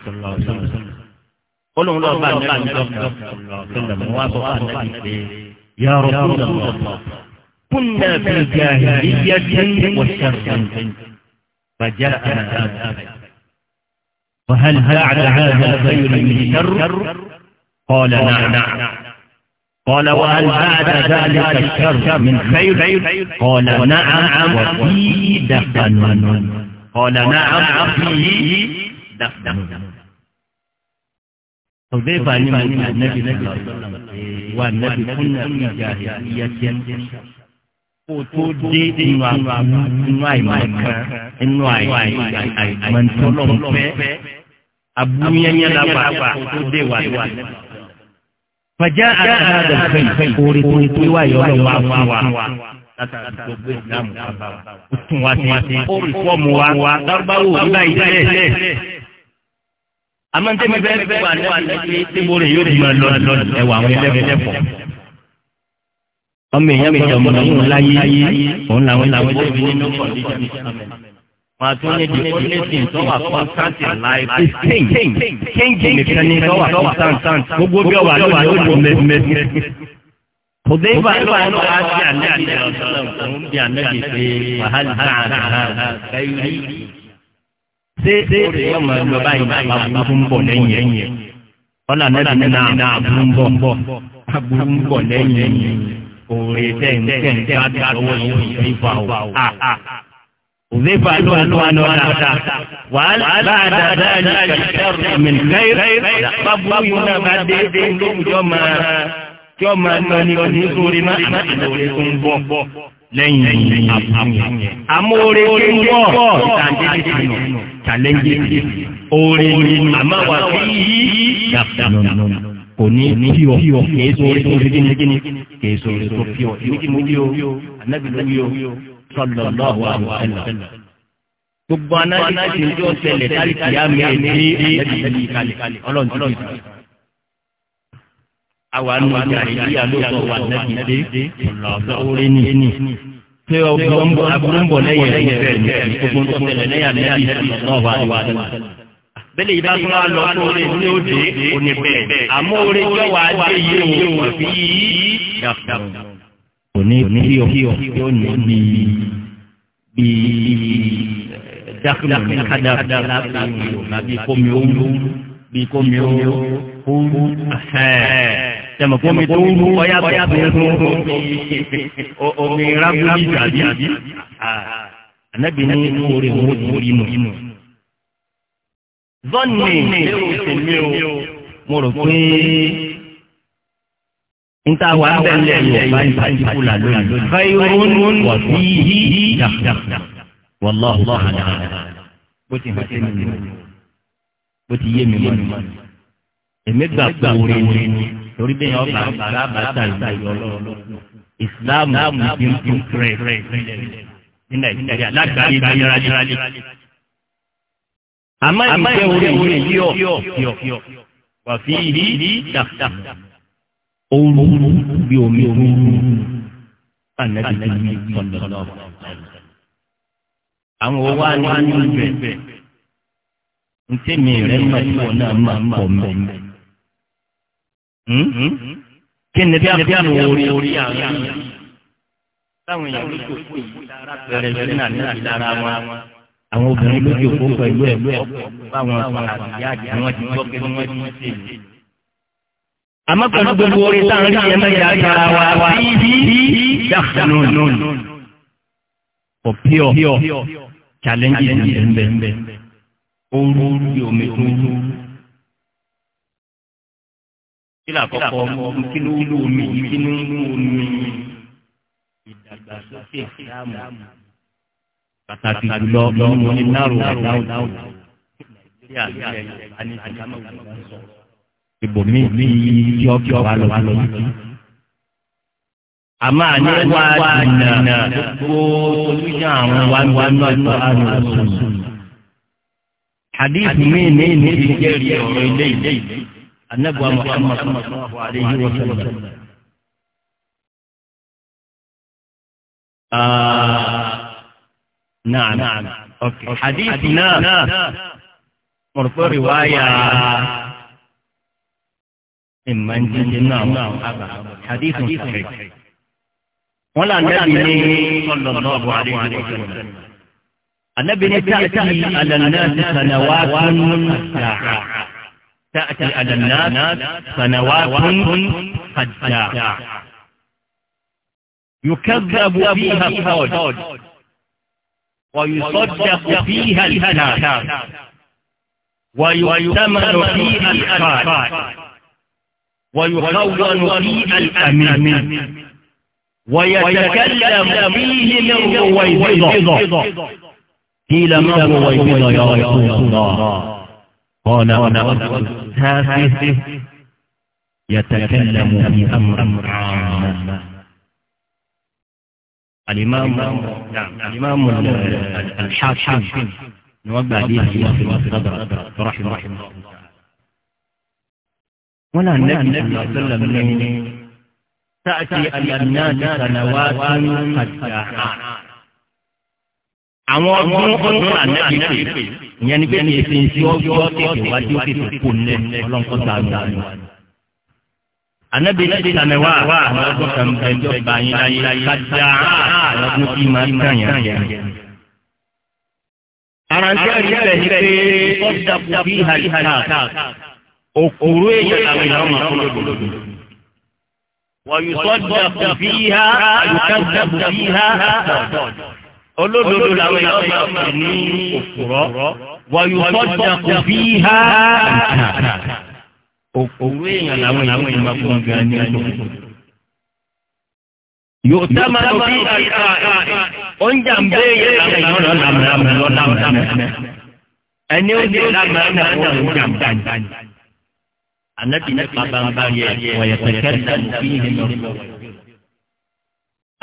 sọ̀rọ̀ sọ̀rọ̀. Olóhùn lọ bá nípa níjọ́ sọ̀rọ̀ mọ́ wá bọ́ bá nàbí pé yà ọ̀rọ̀ kúndà lọ́pọ̀. Kúndà bíi gàhìrì yá díẹ̀ wọ̀ ṣàfihàn. Bàjẹ́ àná dáadáa. وهل بعد هذا خير من شر نعم. نعم. نعم. قال نعم قال وهل بعد ذلك الشر من خير قال نعم وفي دخن قال نعم وفي دخن حذيفة لمن النبي صلى الله عليه وسلم إيه، والنبي كنا في جاهلية kó tó dé inú àmà inú àìmọ̀kan inú àìmọ̀ntọ́lọ́mọ̀fẹ́ abúyẹ́yẹ́ lábàá tó dé wà wà. Fàjá àtàrà fẹ́ orí tó ń pé wáyọ̀ lọ́wọ́ wá wá wá. Látàrí ìdáàmú bàbá wa. tún wá sí orí fọ́ọ̀mù wa. Lárúbáwò nígbà ìdílé. Àmọ́ ní tẹ́mi bẹ́ẹ̀ bẹ́ẹ̀ wà lẹ́wà lẹ́wà tí mo rè yóò di máa àwọn ẹlẹ́fọ̀ọ́ ọmọ èèyàn mi jọmọ ní òun láyé òun làwọn làwọn ẹgbẹ́ mi nínú kọ̀ọ̀díjà mi wà á tún ní di ọlẹ́sìn tó wà fún sáǹtì láì pé kéńjì nìkan ní tó wà fún sáǹtì gbogbo bí ọwà ló wà ló lò mẹ́mẹ́. Òbí bá ló wà ló wà sí àlẹ́ àlẹ́ ọ̀sán òun bí àlẹ́ yìí pé wàhálà náà náà kẹ́yìí. Ṣé orí ọmọ ẹgbẹ́ báyìí bá bá fún bọ̀ lẹ́yìn ẹ̀yìn? Ọlá náà náà bú ń bọ̀ lẹ́yìn ẹ̀yìn òòrè tẹ̀ǹtẹ̀ǹtẹ̀ bá lọ́wọ́ yìí òzèfà o. òzèfà ló ń lọ àná dáadáa wàhálà dáadáa ní kàṣẹ́rù mìíràn bábú yìí náà bá dé lóòjọ́ máa tí ó máa lọ ní ọdún sórí máa àtàlórí tó ń bọ̀ lẹ́yìn àbúyẹ. amóore tí ń bọ̀ ìtàndínlẹ̀ tàlẹ́ńgẹ̀ oore ni àmàwà fi yí yàtọ̀ kò ní píọ̀ kìí sóore tó fi gíní kìí sóore tó píọ̀ ìwé mo yíyó anábì ló yíyó sọlọ lọ́wọ́ àwọn ẹ̀lọ́. gbogbo anábì tí ó ṣẹlẹ̀ kárí kìá mi ẹ̀ ní ẹ̀ẹ́dì kalẹ̀ ọlọ́run ti di. àwa nù ọjà ìyá ló sọ wà nábì dé lọ́wọ́ ní. pé ọgbọ́n aburú ń bọ̀ lẹ́yìn ẹ̀yìn bẹ́ẹ̀ ni gbogbo ń sọ bẹ́ẹ̀ yìí dáhùn wá lọ tó orí ní òde òní bẹ́ẹ̀ àmọ́ orí jọ wà á dé yìí o àbí yìí dàpọ̀ òní píọ̀ yóò ní bí bí dákúlà kádà láti ìwòrán bí kómi ó wú bí kómi ó wú tẹmọ kómi tó wú ọyá bọ́yá bẹ́ẹ̀ tó wú omi rábúlì tàbí ànábì ní orí òun ó di orí nù zọ́ọ̀nì lérò tèmi o mo rò pé n ta wà ń bẹ̀rẹ̀ yorùbá ìbájú la lónìí. fẹ́yìrún wà sí yí wàláhù sàlẹ̀. bó ti hàn sí bó ti yé mi mọ́ èmi gbà kó orin torí bẹ́ẹ̀ yọ bá bá bá ta ìlú ọlọ́run ìsìláàmù ìdí ń pẹ́rẹ́ ní nàìjíríà lágbàáyé gbàyàrá àmọ́ ìgbẹ́ orí orí yíyọ̀ wà fi yí ooru bí omi ooru ànágbèsè yìí kọ̀dọ̀dọ̀. àwọn owó wa ní ibẹ̀ ntẹ́mi rẹ̀ máa ń bọ̀ náà máa ń bọ̀ kí ni bí a mú orí orí àwọn yàrá táwọn yàrá tó kù yìí bẹ̀rẹ̀ sí náà ní ìlara wọn àwọn obìnrin lójú òkú pẹ̀lú ẹ̀ báwọn sọ àbíyá àti àwọn ti gbọ́ pé wọ́n ti ṣe lè. àmọ́ pẹ̀lú gbogbo orin tá à ń rí yẹn mẹ́rin àjàrà wa wá bí dàkúnú kò pure challenges ń bẹ̀ ń ooru bí omi tó rú. kí ló àkọ́kọ́ kí ló wúlò omi yìí kí ló wúlò omi ìdàgbàsókè dáàmú pàtàkì jùlọ nínú onínàrò àdáwò ibòmí ní yọkí ọba lọ wá lọ sí. àmọ́ àní wá dìnnà gbogbo olùyà àwọn wá wá lọ́dọ̀ àrùn ọ̀sùn. hadith mi ní ní ìjẹ́rìí ọ̀rọ̀ ilé ilé anábọ̀ muhammad sallallahu alayhi wa sallam. Ah, نعم نعم أوكي. ناس مرفوع رواية من جنة حديث صحيح ولا النبي صلى الله عليه وسلم النبي تأتي على الناس سنوات الساعة تأتي على الناس سنوات قد ساعة يكذب فيها فوج ويصدق فيها الكلام ويؤتمن فيها الأخار ويخون فيها الأمين ويتكلم فيه من رويبضة قيل ما رويبضة يا رسول الله قال أنا أرسل هذه يتكلم في أمر عام الإمام، الإمام alimami alḥaṣin ni في gbà bíi àyè àti wọ́n fi dábàrà rọ́ṣìn rọ́ṣìn. wọ́n náà nẹ́bí sọ̀rọ̀ sọ́lọ̀ ní sáàtì alìyàmínáàdì àwọn ọdún ọdún ànẹ́bí pè ní pé ní èsì ọjọ́ kéèké wájú kéèké kò ní ọlọ́nkọ́ta àgbà ni. Ànábì ti sàmẹ̀wá àwọn ọdún kan bẹ̀rẹ̀ báyìí láyé kájá ọdún tí máa ń tàyàn yẹn. Ara ń tẹ́rì rẹ̀ ní pé ọ̀dà bí ìhàlìhàlà òkúrú èèyàn làwọn èèyàn máa fún lòdòdò. Wọ̀yùsọ́dà bí ìhà àyùkádà bí ìhà olódodo làwọn èèyàn máa fún ní òkúrọ̀. Wọ̀yùsọ́dà bí ìhà àyùkádà òkú èèyàn làwọn èèyàn yìí máa fún ọgbẹ ní ẹjọ. yóò tá máa lọ bí oúnjẹ ń bẹ yẹ làwọn làmúlàmú lọ́dàmúlàmú ẹni ó ní làmúlàmú oúnjẹ ń bẹ anabi nípa bàbá yẹ wọ̀nyẹ pẹ̀kẹ́ lẹ́nu bí yẹn lọ.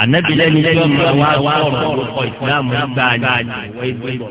anabi lẹ́ni lẹ́ni wà wà ọ̀rọ̀ ọ̀rọ̀ ìsìlámù gbáà ní ìwé ìwé ìbọ̀.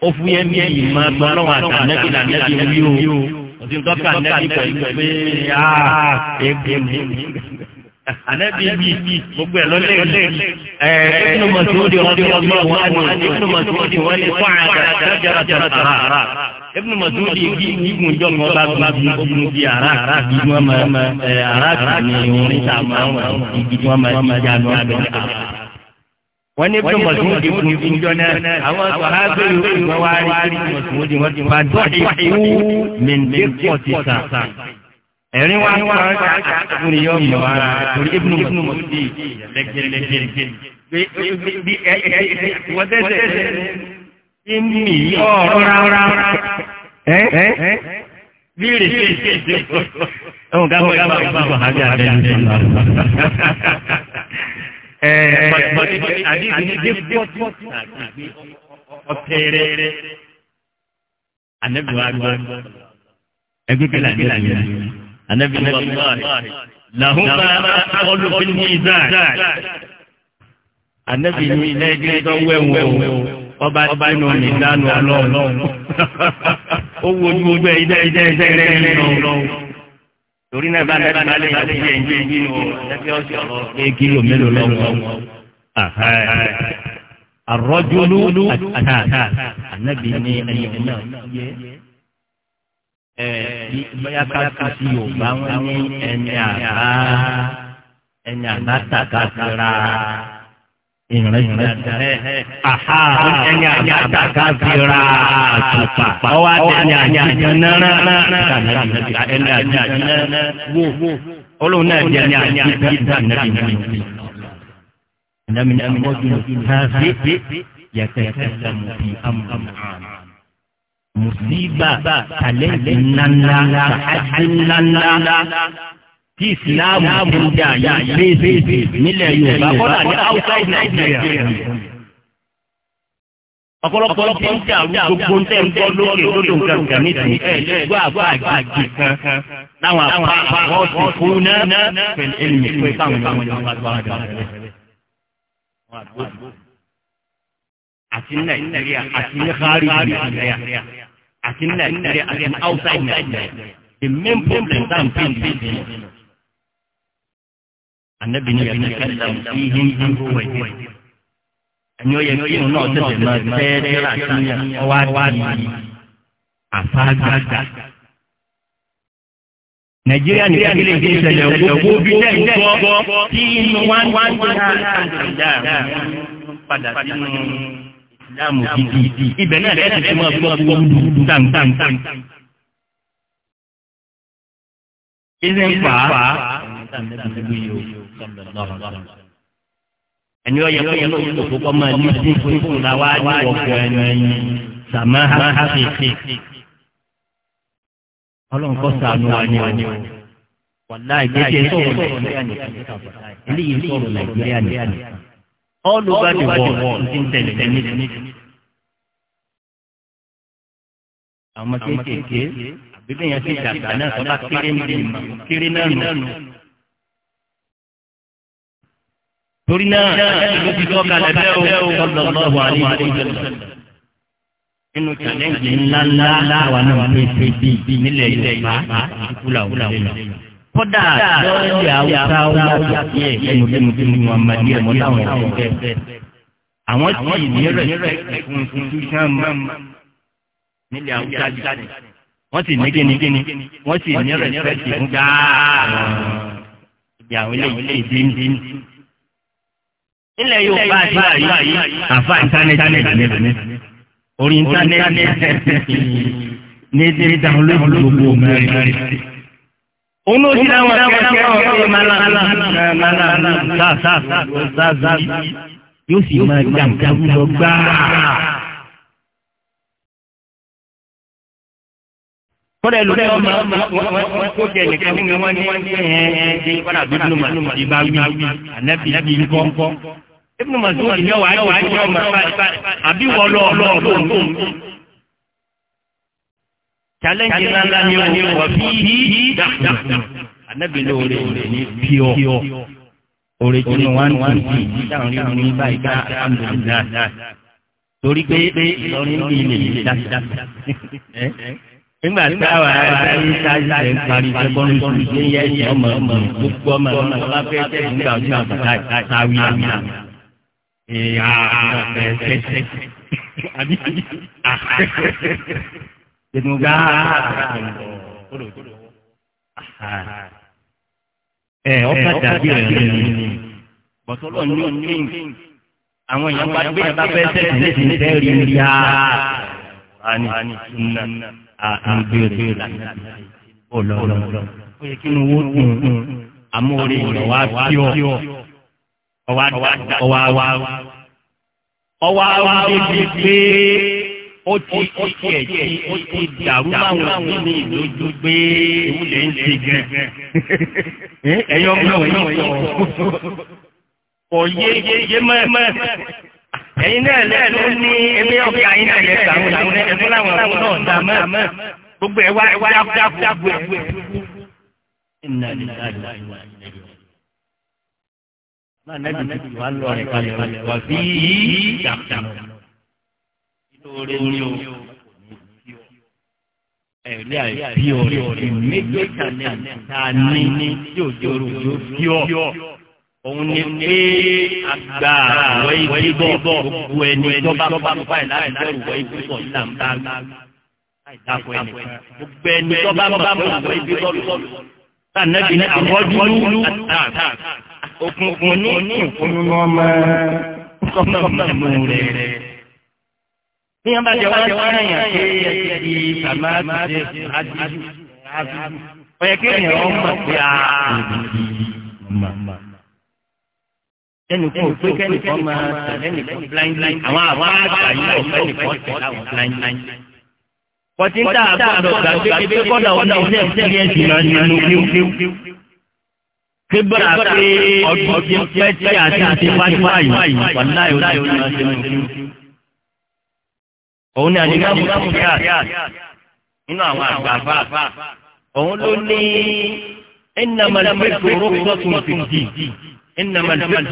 ó fún yẹn ní ìmọ̀ gbọ́nrán àtànẹ́bí lànẹ́bí wí o òsì ń tọ́ka ànẹ́bí pẹ̀lú pé áá egbò ní. ànẹ́bí wí gbogbo ẹ̀ lọ́lẹ́ ìlú ẹ̀ ẹ̀kínú mọ̀síwọ́dì ọ̀dọ́ ọgbọ́n wọn ni ẹ̀kínú mọ̀síwọ́dì wọn ni fún àgbàdo jẹrẹ jẹrẹ ebinu masudi igi igun jọ mọ bá gba gbogbo bi ara ara bi wọn ma ara bi ni orin ta ma wọn igi wọn ma ti ja lọ abẹ ara wọ́n ní bí mọ̀sùmùdì kún ti ń jọ náà àwọn sọ̀hábẹ́ ìwé wa rí bí mọ̀sùmùdì wọ́n ti máa dọ́ ìwú mẹ́ńdẹ́pọ̀ ti sàn. ẹ̀rín wa ń wọ́n ká fún yọ mọ̀ ara torí ibùdó mọ̀sùmùdì lẹ́gẹ̀lẹ́gẹ̀. wọ́n tẹ́sẹ̀ ṣe ń mì í ọ̀rọ̀ rárá. bí rèé ṣe ṣe ṣe. ẹ̀wọ̀n ká mọ̀ ká mọ̀ ká mọ̀ O mi àdìsí ní dẹ́pọ̀tì àgbègbè ọ̀tẹ̀rẹ̀ ànẹ́bíwá gbọ́ ẹgbẹ́ kẹlẹ́ àgbẹ̀ àgbẹ̀ ànẹ́bíwá gbọ́ làwọn bá ọlọ́fin ní ìzá ànẹ́bí ní ilé ẹgbẹ́ tó wẹ̀wẹ̀ ọba nínú nìdánù ọlọ́run ó wo ojú ọgbẹ́ ilé ẹgbẹ́ rẹ̀ nínú ọlọ́run torí náà bá nàbí má lè yàn sí ẹ̀yìn ẹ̀yìn o ẹ̀fí ọ̀sẹ̀ ọ̀rọ̀ pé kílò mélòó lọ́wọ́. àrọ́júlú àtàtà ànábì ní ẹ̀yìn náà yẹ. ẹ bóyá ká kà sí yorùbá wọn ní ẹni àbá ẹni àbá tàkà síra ìrìnlẹ̀ àhá ẹni àtàkà fi ra àtùpà ọwọ́ àtẹni àjẹjẹnara ẹni àjẹjẹnara wò olóhùn náà jẹ ẹni àjẹjẹnara ẹni àmọ́jú káfí yàtẹ̀kẹ́sẹ̀ mọ̀tì amúhàn. Musiba talẹ̀ ńláńlá, àjẹ́ ńláńlá tí ìsìláàmù ń dà yí bẹ́ẹ̀sì nílẹ̀ yorùbá kọ́dà ní outside Nigeria. ọ̀pọ̀lọpọ̀ ti ń dà gbogbo ń tẹ̀ ń gbọ́ lókè lódò gàgàn nísìnyí ẹ̀ lẹ́gbẹ́ àbá àgbàjì kan láwọn àpá àwọ̀sì fún náà pẹ̀lú ẹ̀mí pé táwọn táwọn yóò wá gbára dà rẹ̀. àti Nàìjíríà àti ní kárí Nàìjíríà àti Nàìjíríà àti outside Nàìjíríà the main problem tá n pè ní ìdílé anabi ni yàtọ̀kẹ́lá fíhìn ìhó wẹ̀yẹ. ẹni ó yẹ kí òun náà tẹ̀lé máa nàìjíríà ní kílè ìdí ìṣẹ̀lẹ̀ owó bí lẹ́yìn gbọ́ tí inú wọn wá ń gbà àtàndà padà sínú ìsìlámù gidi. ibẹ̀ náà lẹ́yìn tí wọ́n gbọ́ gbọ́ tàǹtàǹtàǹ. kí ń fà á? ẹni ọ̀yẹ́ kọ́ yẹn lóyún lòkó kọ́ máa ní ọdún fún ìfún la wá ní ọ̀pọ̀ ẹnu ẹni sàmá hàfíìsì. ọlọ́run kọ́ sànú wa ni wọ́n sọ̀rọ̀ nàìjíríà nìkan eléyìí sọ̀rọ̀ nàìjíríà nìkan. all over the world àwọn kéékèèké àbí dàgbà náà sọ́ba kéré náà nù. torí náà ló ti tọ́ka lẹ́bẹ̀ o ọ̀dọ̀ lọ́wọ́ àríwá nínú challenge ńláńlá wa náà ló ṣe bí nílẹ̀ ilẹ̀ ìgbà ìkúlà òwúlà òwúlà. kódà lọ́ọ̀lì àwùjá ọlọ́ọ̀lì àti ẹ̀ẹ́dẹ́nu lẹ́nu tí mo máa di ẹ̀mọ́ láwọn ọ̀hún bẹ́ẹ̀. àwọn tí ìní rẹ̀ fún institution mọ́ nílẹ̀ ní wọ́n sì ní rẹ̀ fẹ́ẹ̀sì fún gbáà. ìyàwó ilé ìdí ń dín nílẹ̀ yóò bá àdúrà yìí àfa ìtánẹ́tì ní orí ìtánẹ́tì ní ní dáhùn lóògbé mẹ́rin. Òun ló ṣíra wọn kẹ́kẹ́ ọ̀rọ̀ mọ́lá mọ́lá yóò sì máa jàǹdàbù lọ gbáà. Kọ́lẹ̀ ló fẹ́ ọmọ wọn kó jẹ nìkan fún mi wọ́n ní wọ́n ní ẹ̀ẹ́dẹ́ kọ́lá bí ló máa ti bá wí. Ànẹ́bí ń kọ́ ibùdó màsúwà ní ọwà ayé wàá jẹ́ ọmọ àbí wọ́n lọ ọlọ́ọ̀lọ́ challenge ńlá ńlá ni o wà fi yí dàgbà anabi ní oore oore ní píọ oore tí wọn wá ń tì í dáhùn rí ní báyìí ká alhamdulilayi torí pé ìlọrin bí ilé yìí dáadáa nígbà tí a wà láyé sáyé ẹ̀ ń parí sẹ́kọ́ndì tó ṣe yẹ ẹ̀yẹ ọmọ ọmọ gbogbo ọmọ ọmọ ọmọ bá fẹ́ẹ́ tẹ̀ nígbà tí a bàtà ìtàwí àmì àmì ìyá ẹ̀ẹ́dẹ́gbẹ́ àbí ìdùnnúgá ẹ ọkà dàbí ẹ ní bọ̀tọ́lọ̀ ní ní àwọn èèyàn bá gbé ẹ bá fẹ́ sẹ́sẹ̀ ní sẹ́rí rí a ani sunna a ń béèrè ọlọ́ọ̀lọ́ ó yẹ kí n wo tún amóore ìrọ̀wá pure ọwọ́ àwa ọwọ́ àwa débi pé ó ti ti ẹ̀jẹ̀ ó ti dàrú báwọn ní ìlójú pé èmi lè ń ṣe gẹ̀. ẹ̀yin ọmọ ẹ̀yin sọ òye yé mẹ́mẹ́ ẹ̀yin náà lẹ́nu ní ẹbí ọ̀gá yín náà lẹ́sà àwọn àwọn ẹ̀fọ́ làwọn àwọn náà dá mẹ́ gbogbo ẹ̀ wá dákú dákú ẹ̀ má nẹ́bí ti wà lọ́rin kalẹ̀ wà bí jàmjàm. nítorí ní o ẹ̀rí àìsí ọ̀rẹ́ méjì kalẹ̀ tá ní yóò jọrọ bí ọ. Òun ni pé àgbà àwọn ìgbé bọ̀ gbogbo ẹni tó bá bá bá ẹ̀ láì wọ ibi sọ̀ nígbà tá Àìdáko ẹni. Gbogbo ẹni tó bá bá bá bọ̀ ibi sọ̀ ní àwọn ọdún àtàkà òkùnkùn ní òkùnkùn ní ọmọ ọmọ rẹ̀. bí wọ́n bá jẹ wọ́n sáré yàn pé ẹ̀jẹ̀ di sàmá àti àdìjú ọ̀yẹ́ kí ènìyàn wọ́n mọ̀ pé a ẹnìkan ò pé kẹ́nìkan máa tẹ̀lé nìkan blindly àwọn àwọn àgbà yìí ọ̀fẹ́ nìkan tẹ̀lé àwọn blindly kọtí ń tà àgbàdo gbàgbé pé kọ́dà ọ̀dà ọ̀dà ọ̀dà ẹ̀sìn náà nínú kíú. kébìrà pé ọdún ti pẹ́ tí a ti ti wá níwáyé wà láyé láyé láyé sínú. òun ni àdìgbàmù kíá nínú àwọn àgbààfà òun ló ní ẹnàmàlẹ́fẹ́ rọ́kọ̀tún ti dì ẹnàmàlẹ́fẹ́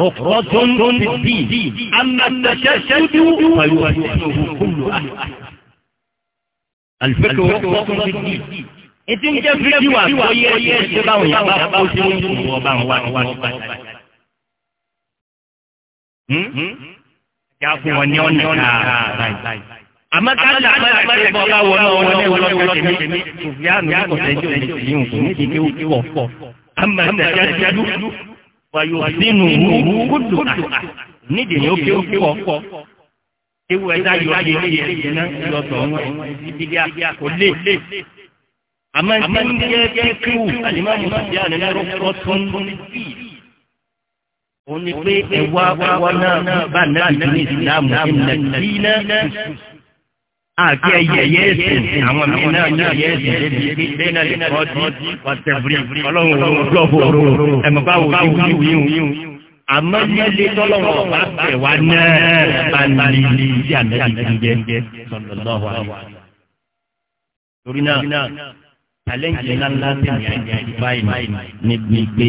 rọ́kọ̀tún ti dì amàtàṣẹ́ṣẹ́dú pẹ̀lú àṣẹ́ṣẹ́ òkú lò. الفكر رخصة في الدين ètí ń jẹ́ wà tó yẹ ẹ́ ṣe báwọn yàrá bá kó sí ìlú ọba wa wà ní bàtà. Jáfún wọn ní ọ̀nà náà. Àmọ́ káàdà máa ń ṣe bọ́ bá wọlé wọlé wọlé wọlé tèmi. Sùfìànù kò tẹ́jú ní ti yín kò ní ti ké wọ́ pọ̀. Àmọ́ ẹ̀jẹ̀ jẹ́jú wà yóò sínú rú kúndùn à. Nídìí ni ó ké wọ́ pọ̀ ewu ẹja yọ àmọ́ ní ń jẹ́ kíkú alimami sọ̀dí àná rọ́pọ̀ tó ń bí bí. òun ni pé ẹ̀wá wá náà bá náà ní ìsìlámù ìmọ̀lẹ̀ bí náà àti ẹyẹyẹ ẹsẹ àwọn míín náà ní ẹyẹ ẹsẹ ẹbí bẹ́ẹ̀ lè kọ di ọtẹbìrì Ọlọ́run òun gbọbọ ẹmọ bá wò ní wíwú yíwú àmọ́ nílé tọlọrọ bá bẹ wá náà bá nílé ìdí àmì àti ìdíjẹ sọlọ lọ́wọ́ àwọn. torí náà challenge ńláńlá tí mi àyè àyè báyìí níbi pé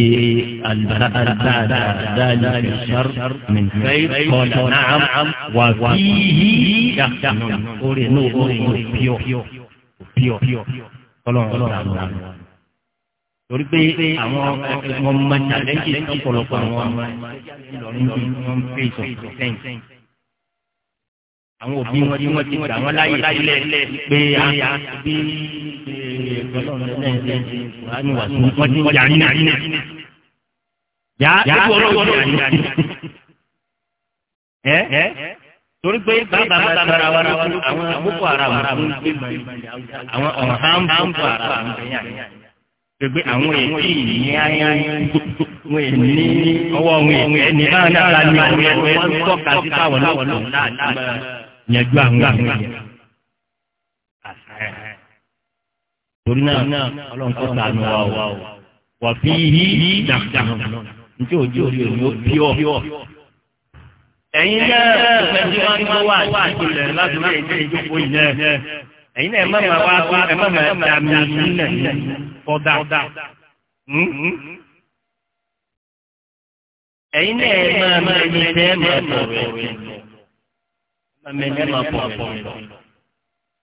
alibadadadaa yusar min fẹ́ kọ́lá náà wà fíhí yàtọ̀ orí inú orí píọ̀ píọ̀ ọlọ́run ọ̀dà ọ̀dà. torí pé àwọn ọmọ challenge ọ̀pọ̀lọpọ̀ àwọn ọmọ ìlọrin ń fẹ́ ìsọ̀tún sẹ́yìn àwọn òbí wọn tí wọn ti gbà wọn láyè sílẹ̀ pé a bí wọ́n torí pé bàbá bá tara wa àwọn àbúkọ ara wà fún àwọn ọ̀hán búkọ ara wà gbogbo àwọn èyí ní ayé ní ọwọ́ wọn è ní báwọn náà ní àwọn ẹgbẹ́ tọ́ka sí káwọn náà yẹn ju àwọn àwọn yẹn. torí náà ọlọ́run kọ́ sànù wa o wà fi yí dàkúdàkú nítí òjò rí òní ó píọ̀. ẹ̀yin náà ìfẹ́ tí wọ́n ń wá àti ìlẹ̀ láti lè dé ìjókòó yìí náà ẹ̀yin náà ẹ má máa wá wá ẹ má máa dà mí sílẹ̀ kọ́dà. Hmm? ẹ̀yin náà ẹ máa máa ní ẹ máa bọ̀ rẹ̀ ẹ máa ní ẹ máa bọ̀ rẹ̀.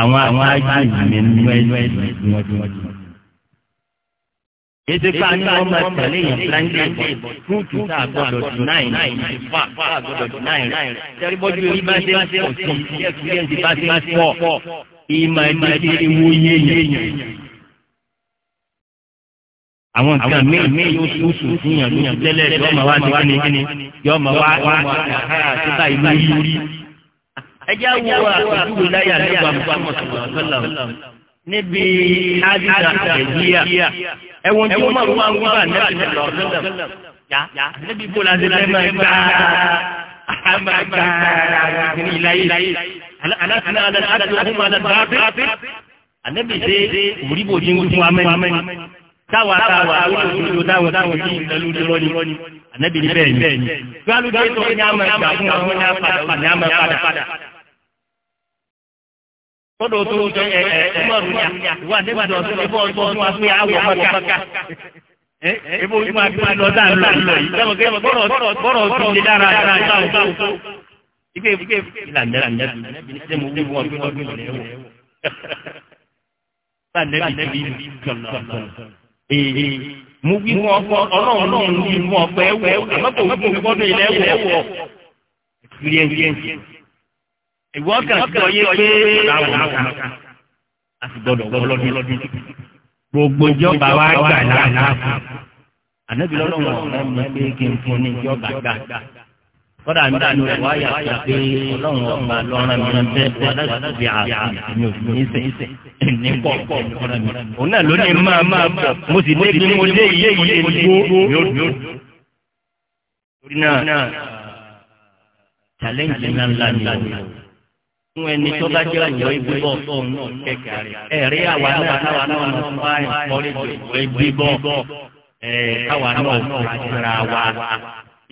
àwọn àwọn ajínigbé nínú ẹ̀jẹ̀ ìgbìmọ̀jìmọ̀jì. Ètò ìgbà ní wọ́n máa tẹ̀lé yẹn blanket fúùtù tá a gbọ́dọ̀ dùnáì fà a gbọ́dọ̀ dùnáì rẹ̀. Tẹ́rìbọ́jú orí bá ṣe ń sí i, ẹ̀kúrẹ́ǹsì bá ṣe ń pọ̀, ìmọ̀ ẹ̀jẹ̀ ewu yéèyàn. Àwọn nǹkan míì yóò túṣù fún yàn lóṣù tẹ́lẹ̀ yọ́ọ̀mọ̀ wá ní kíni yọ́ọ̀mọ̀ wá wá àti báyìí lórí ẹjẹ́ wo àpèjúwe láyà nígbà mọ́tòmọ́tòmọ́ níbi ádìdà àtẹ̀yíyà ẹ̀wọ̀n tí wọ́n máa ń wá nígbà lọ́sọ̀lọ̀ yá níbi bó láti fẹ́ máa gbá àmà gbá ní ìláyé aláṣẹ aláṣẹ ọ̀hún máa dá bábí ànẹ́bí ṣe mùríbò tí ń tún amẹ́ni táwa táwa olódodo táwọn táwọn yìí ń tẹlu lọ́rọ́ ni ànẹ́bí ní bẹ́ẹ̀ ni gbálùdé tó ní àmà ìgbà fún àwọn ní àpàdà kódò tó jọ ẹ ẹ ọmọrù ya ìwà nígbàdàn tó lè bọ ọgbọn wa pé àwọ maka ebo ìmọ̀ àbíwá lọ dáa lọ lọ yìí bọ́rọ̀ bọ́rọ̀ tó lè dára dára ìgbà òkú ìgbà ìgbà ìlànà ìlànà ìṣe mo wíwọ ọdún ọdún rẹ wò ìlànà ìbí jọlọ ee mo wíwọ ọkọ ọlọ́run náà ń wíwọ ọpẹ ẹwọ àmọ́ kò wíwọ ọdún ilẹ̀ ẹwọ experience ìwọ kan gbọ́ yé pé a ti gbọ́dọ̀ gbọ́ lọ́dún gbogbo ìjọba wa gbà láàbù ànábi lọ́lọ́wọ́ ọ̀rọ̀ mi pé kí n fún ní ìjọba gbà kọ́dà ń dànù rẹ̀ wáyà gbà pé ọlọ́run ọba lọ́rọ̀ mi bẹ́ aláṣẹ́bí àbí mi ò fi ní sẹ́ ní pọ̀ ọ̀rọ̀ mi. òun náà ló ní máa máa bọ̀ mo sì dé kí mo dé iye yìí èdúró yóò torí náà challenge ńláńlá ni o fún ẹni tó bá jẹ́ òyìnbó ìbíbọ̀ fún náà kẹ̀kẹ́ rẹ̀. ẹ̀rí àwa náà táwa náà lọ fún àyàn kọ́lẹ́jì òyìnbó ìbíbọ̀ káwa náà fàjọra wa.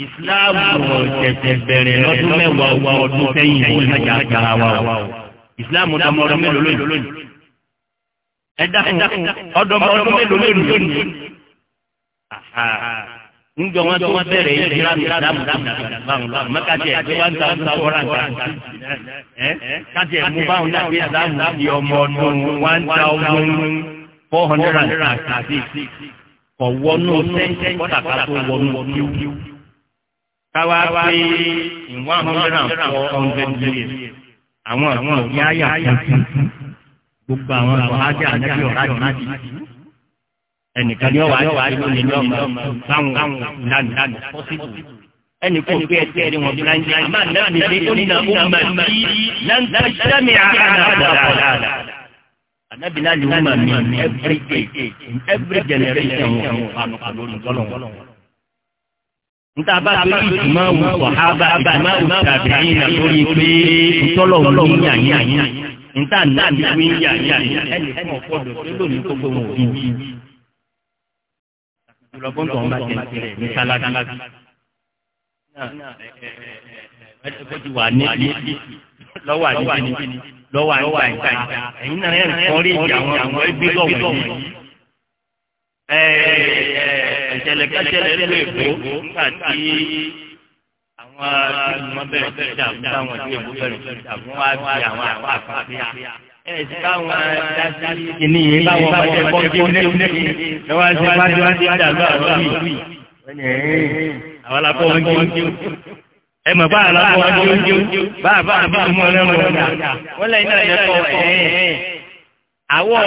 ìsìláàmù ọ̀tẹ̀tẹ̀ bẹ̀rẹ̀ lọ́dún mẹ́wàá wa ọdún sẹ́yìn fún ìlàjà àgbàrá wa o. ìsìláàmù ọdọmọdún mélòó lónìí. ẹ dákun ọdọmọdún mélòó lónìí ńjọ wọn tó wọn bẹ̀rẹ̀ yìí dáàmú dáàmú dáàmú báwọn báwọn mẹkàtí ẹ bí wọn ta wọn ta fọra nǹkan ẹ kàtí ẹ mú báwọn náà bí dáàmú ọmọ ọdún one thousand four hundred and thirty kọ wọnú sẹńtẹ kọtàkà tó wọnú kíw káwá pé one hundred and four hundred million àwọn àwọn òbí àyà kankan gbogbo àwọn àwọn ajá àjẹjọ rájọ náà ti ẹnìkan ní ọwọ́ àjọ àjọ ní ọmọ báwọn lánàá pọ́sibú ẹnì kò gbé ẹsẹ̀ rí wọn bíláńjì àmà náà nílé ó ní ọmọ mi náà sẹ́mi àdáadáa. Ànábì náà ni wọ́n máa mi every day every generation wọn pàmò lórí gbọ́lọ̀ wọn. Nta bá tó ìjùmọ̀ wù sọ̀hábà ìjùmọ̀ wù tàbíyìn náà lórí pé ntọ́lọ̀ wù ní yàyàn. Nta náà ni wọ́n yàyàn ẹnì kan fọ́dọ̀ tó lónìí gbogbo wọn ò lọ́gbọ́n tó ń bá tẹ̀ ní sálágánlágán. ẹ̀ẹ́dẹ́gbẹ́ wà ní àlejò lọ́wọ́ àlejò lọ́wọ́ àìsà ìta ẹ̀yin náà ẹ̀ kọ́rí ìjà àwọn àwọn ẹbí lọ́wọ́ yìí. ẹ̀ẹ́dẹ́gbẹ́sẹ̀lẹ̀ ló èbó nígbà tí àwọn ìgbìmọ̀ bẹ̀rẹ̀ sí ìjà àwọn ìgbìmọ̀ bẹ̀rẹ̀ sí ìjà àwọn àgbẹ̀ àwọn àpapọ̀ ẹ̀sìn báwọn dásí kìíní yìí báwọn ọmọdé pọ́ńkì oníkì lọ́wọ́ ṣe bá ti wá sí ìdàgbà lórí àwọn alákọ̀ wọn kí ẹ mọ̀ bá alákọ̀ wọn kí bá a bá a bá a mọ̀ lẹ́nu ọ̀dà wọ́n lẹ́yìn náà yẹ kọ́ ẹ̀ àwọ̀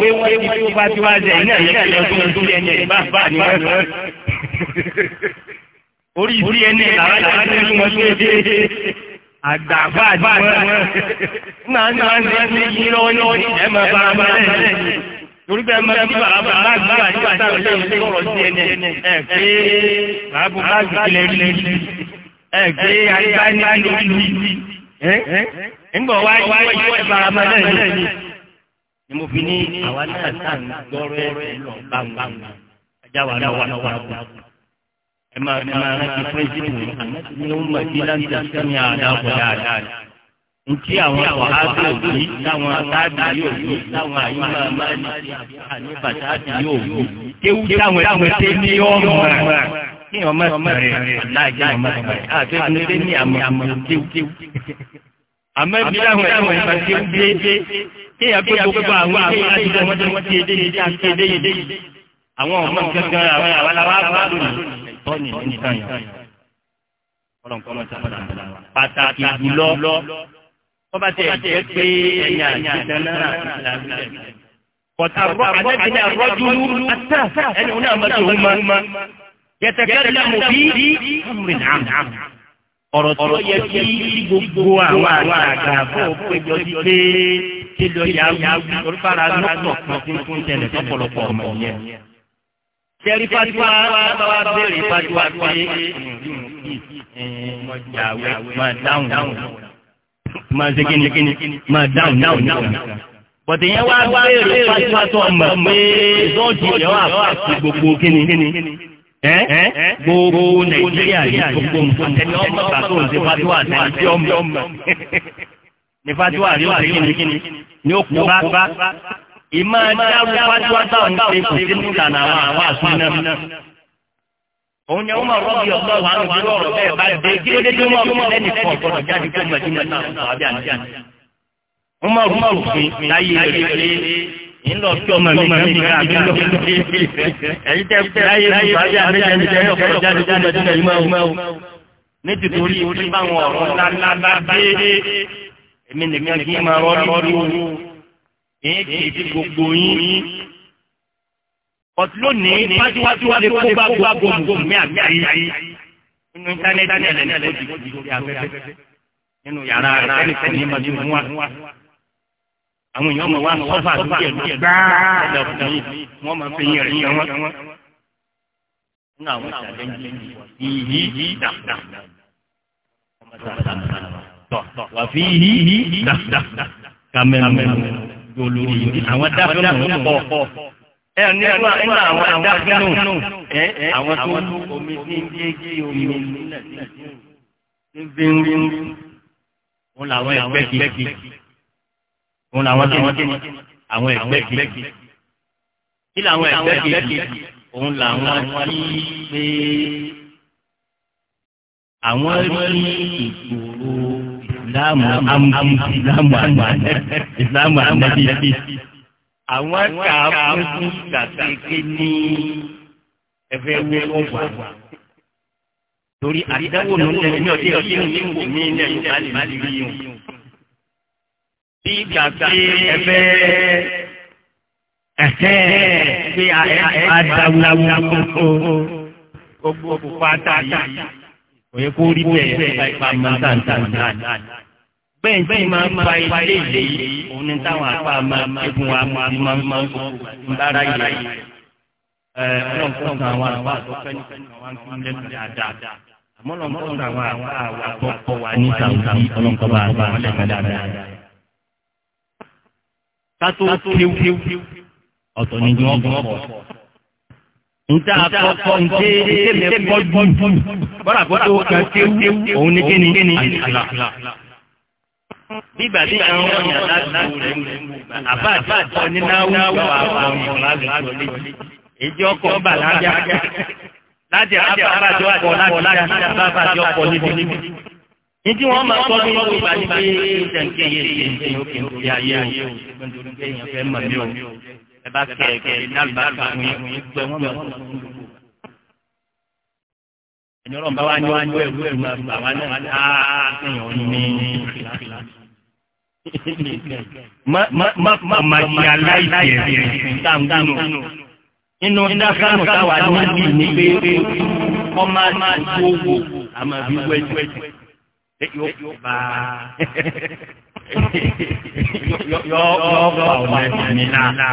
pé wọ́n ti tó bá ti wá jẹ iná yẹ kí ọdún tó yẹ ní ẹ̀ bá a ní wọ́n orí ìdí ẹni làwọn àti ẹni wọn tó yẹ àgbààfà máa ń máa ń ṣe lọ́wọ́ máa bá a bá lẹ́yìn torí bẹ́ẹ̀ máa bí bàbá bá sí ẹni pé bàbá bá rí a ẹ máa ẹ máa rántí pírẹ́sìtì ní ó mọ̀ sẹ́mi àdàpọ̀ dáadáa ntí àwọn sọ̀hábì òbí táwọn sáàbì yóò táwọn àyíká máa ní àníbà sáàbì yóò wí táwọn táwọn tẹ ní ọmọ rẹ kí ọmọ rẹ aláàjẹ ọmọ rẹ àti ẹni tẹ ní àmọ àmọ kéwú. àmọ́ ibi táwọn táwọn ìgbà kéwú déédéé kí ẹ gbogbo àwọn àwọn àdìgbò wọn ti ṣètọ́nì ní sáyẹn kọlọ̀nkọlọ̀ ti padà bọ̀ wá. pàtàkì jùlọ kọ́ba tẹ̀ jẹ́ pé ẹ̀yà ìjìnlẹ̀ náà ìlànà kọ̀tà àlẹ́bìnrin àrọ́júlú ẹni òun náà mọ̀tò òun ma yẹtẹ̀kẹ́rẹ́ lẹ́mu bí ọmọrin náà ọ̀rọ̀ yẹ kí gbogbo àwọn àgbà bọ̀ péjọ sí pé kí lọ́ọ̀yà wí orúkọ ara lọ́pọ̀ kan fún tẹ̀lẹ̀ tọ́pọ̀lọpọ̀ ọmọ yẹn sẹ́rí fatiwa bàbá béèrè fatiwa pé ìyàwó máa dáhùn máa ṣe kíni máa dáhùn dáhùn. Bọ̀dé yẹn wá béèrè fatiwa tó ọmọ pé ìdọ́jì rẹ̀ wà fàṣì gbogbo kíni. Gbogbo Nàìjíríà yìí gbogbo nǹkan ẹni ọmọ bàtò ń ṣe fatiwa àtẹ̀yìn tí ọmọ. Ní fatiwa rí òṣèlú kíni ní òkú bá ìmọ̀ dáwọ́ fájú àtàwọn náà kò sí ní ìlànà àwọn àwọn àṣùnà. òun ni ọmọ rọ́bì ọ̀gbọ́n wa ń gbé ọ̀rọ̀ bẹ́ẹ̀ bá dé kí lóde tó mọ̀ fún lẹ́nu kan gbọ́dọ̀ jáde kó mọ̀ jùmọ̀ náà sọ abẹ́ àníjà. ọmọ rúmọ̀ òfin láyé rẹ̀ pé ń lọ sí ọmọ mi kan nígbà mi lọ sí ẹ̀yìn tẹ́ láyé rẹ̀ bá dé àníjà ní ọ̀pọ̀ jáde kó mọ̀ jùmọ̀ ní tìtorí orí báwọn ọ̀rọ̀ ńláńlá bá dé èmi nìkan kí n máa rọ́ èyí kì í fi gbogbo yín. ọ̀tún lónìí wájúwájú wa lè kó bá gbogbo mùsùlùmí àbí àyíyáyí. nínú íńtánẹ́ẹ̀tì ẹ̀rẹ̀ ní ọjọ́ ìgbòdì lórí afẹ́fẹ́. nínú yàrá rẹ̀ ẹnìkan ní ìmọ̀jú mú wa. àwọn èèyàn ọmọ wa sọ́fà lókè lókè gbáà ọ̀dọ̀ ọ̀dọ̀ wọn máa fi yẹn rẹ̀ yẹn wọn. nínú àwọn ìṣàlẹ̀ yìí dàgbà wà fi yìí dàgbà kàmẹ́mẹ́ dolórí yìí àwọn dáfínù pọ̀ ẹ ní ẹnu ẹnu àwọn dáfínù ẹ àwọn tó omi tí ń dé gé omi nílẹ̀ tí ń fi ń rí wọn làwọn ẹgbẹ́ kí wọn làwọn kí àwọn ẹgbẹ́ kí kí làwọn ẹgbẹ́ kí òun làwọn tí pé àwọn rí ìgbòho ìsìláàmù amú ìsìláàmù àgbàdẹ ìsìláàmù àgbàdẹ. àwọn kà á fún kàkéké ní ẹfẹ wúlò wà torí àdáwò ló ń lẹ ní ọdẹ ọdẹ ní ìwò mi ní ẹ̀yìn bá lè má lè rí yìí. bí kàké ẹfẹ ẹhẹ pé àdáwò gbogbo pátá yìí òye kó rí bẹ́ẹ̀ bá ìpamọ́ tàǹtàǹtà bẹ́ẹ̀ bẹ́ẹ̀ máa ń ba ilé ilé yìí òun ni táwọn àpá máa kégun wa máa máa máa ń bára yìí ẹ ọlọ́run tó ń ta àwọn àpá àtọ́fẹ́ ní àwọn akíní lẹ́nu dáadáa àmọ́ ọlọ́run tó ń ta àwọn àpá àtọ́fẹ́ wa ní sàǹsàn ọlọ́run tó bá àpá àwọn lẹ́nu dáadáa. kátó kíw ọ̀tọ̀ ni wọ́n kọ́ nta àkọ́kọ́ nte nte mẹ́kọ́ dùn bọ́dà kó tó kàn òun ni kíni àlàlà. Bígbà tí àwọn ọ̀yàn láti wù rẹ̀ àbá àti àtọ́ nínú àwùjọ àwọn ọmọ lálùjọ lé. Èjì ọkọ̀ ọba lájà. Lájà bàbá àti ọkọ̀ lájà bàbá àti ọkọ̀ níbi. Ìdí wọn máa kọ́ ní ọdún ìgbà ní pé ìṣẹ̀ǹkì yé ṣe ń ṣe òkè òkè ayé o. Ìgbẹ́ndínlógún fẹ́ mọ̀ mí o. Ẹ bá kẹ̀kẹ́ ìdálùbáfà mi gbẹ wọ́n mọ̀ ẹ̀yọ́rọ̀ bá wá ní wá ní ẹ̀rú ẹ̀rú àgbà wá náà á kéèyàn ní ní ìlàkìlà. Má ṣe aláìsí ẹ̀sìn táàmù nínú dákàmù táwa níbi ní pé kọ́ máa ń gbówó àmọ́ bí wẹ́jọ́ yóò bá yóò bá ọmọ ẹ̀sìn mi náà.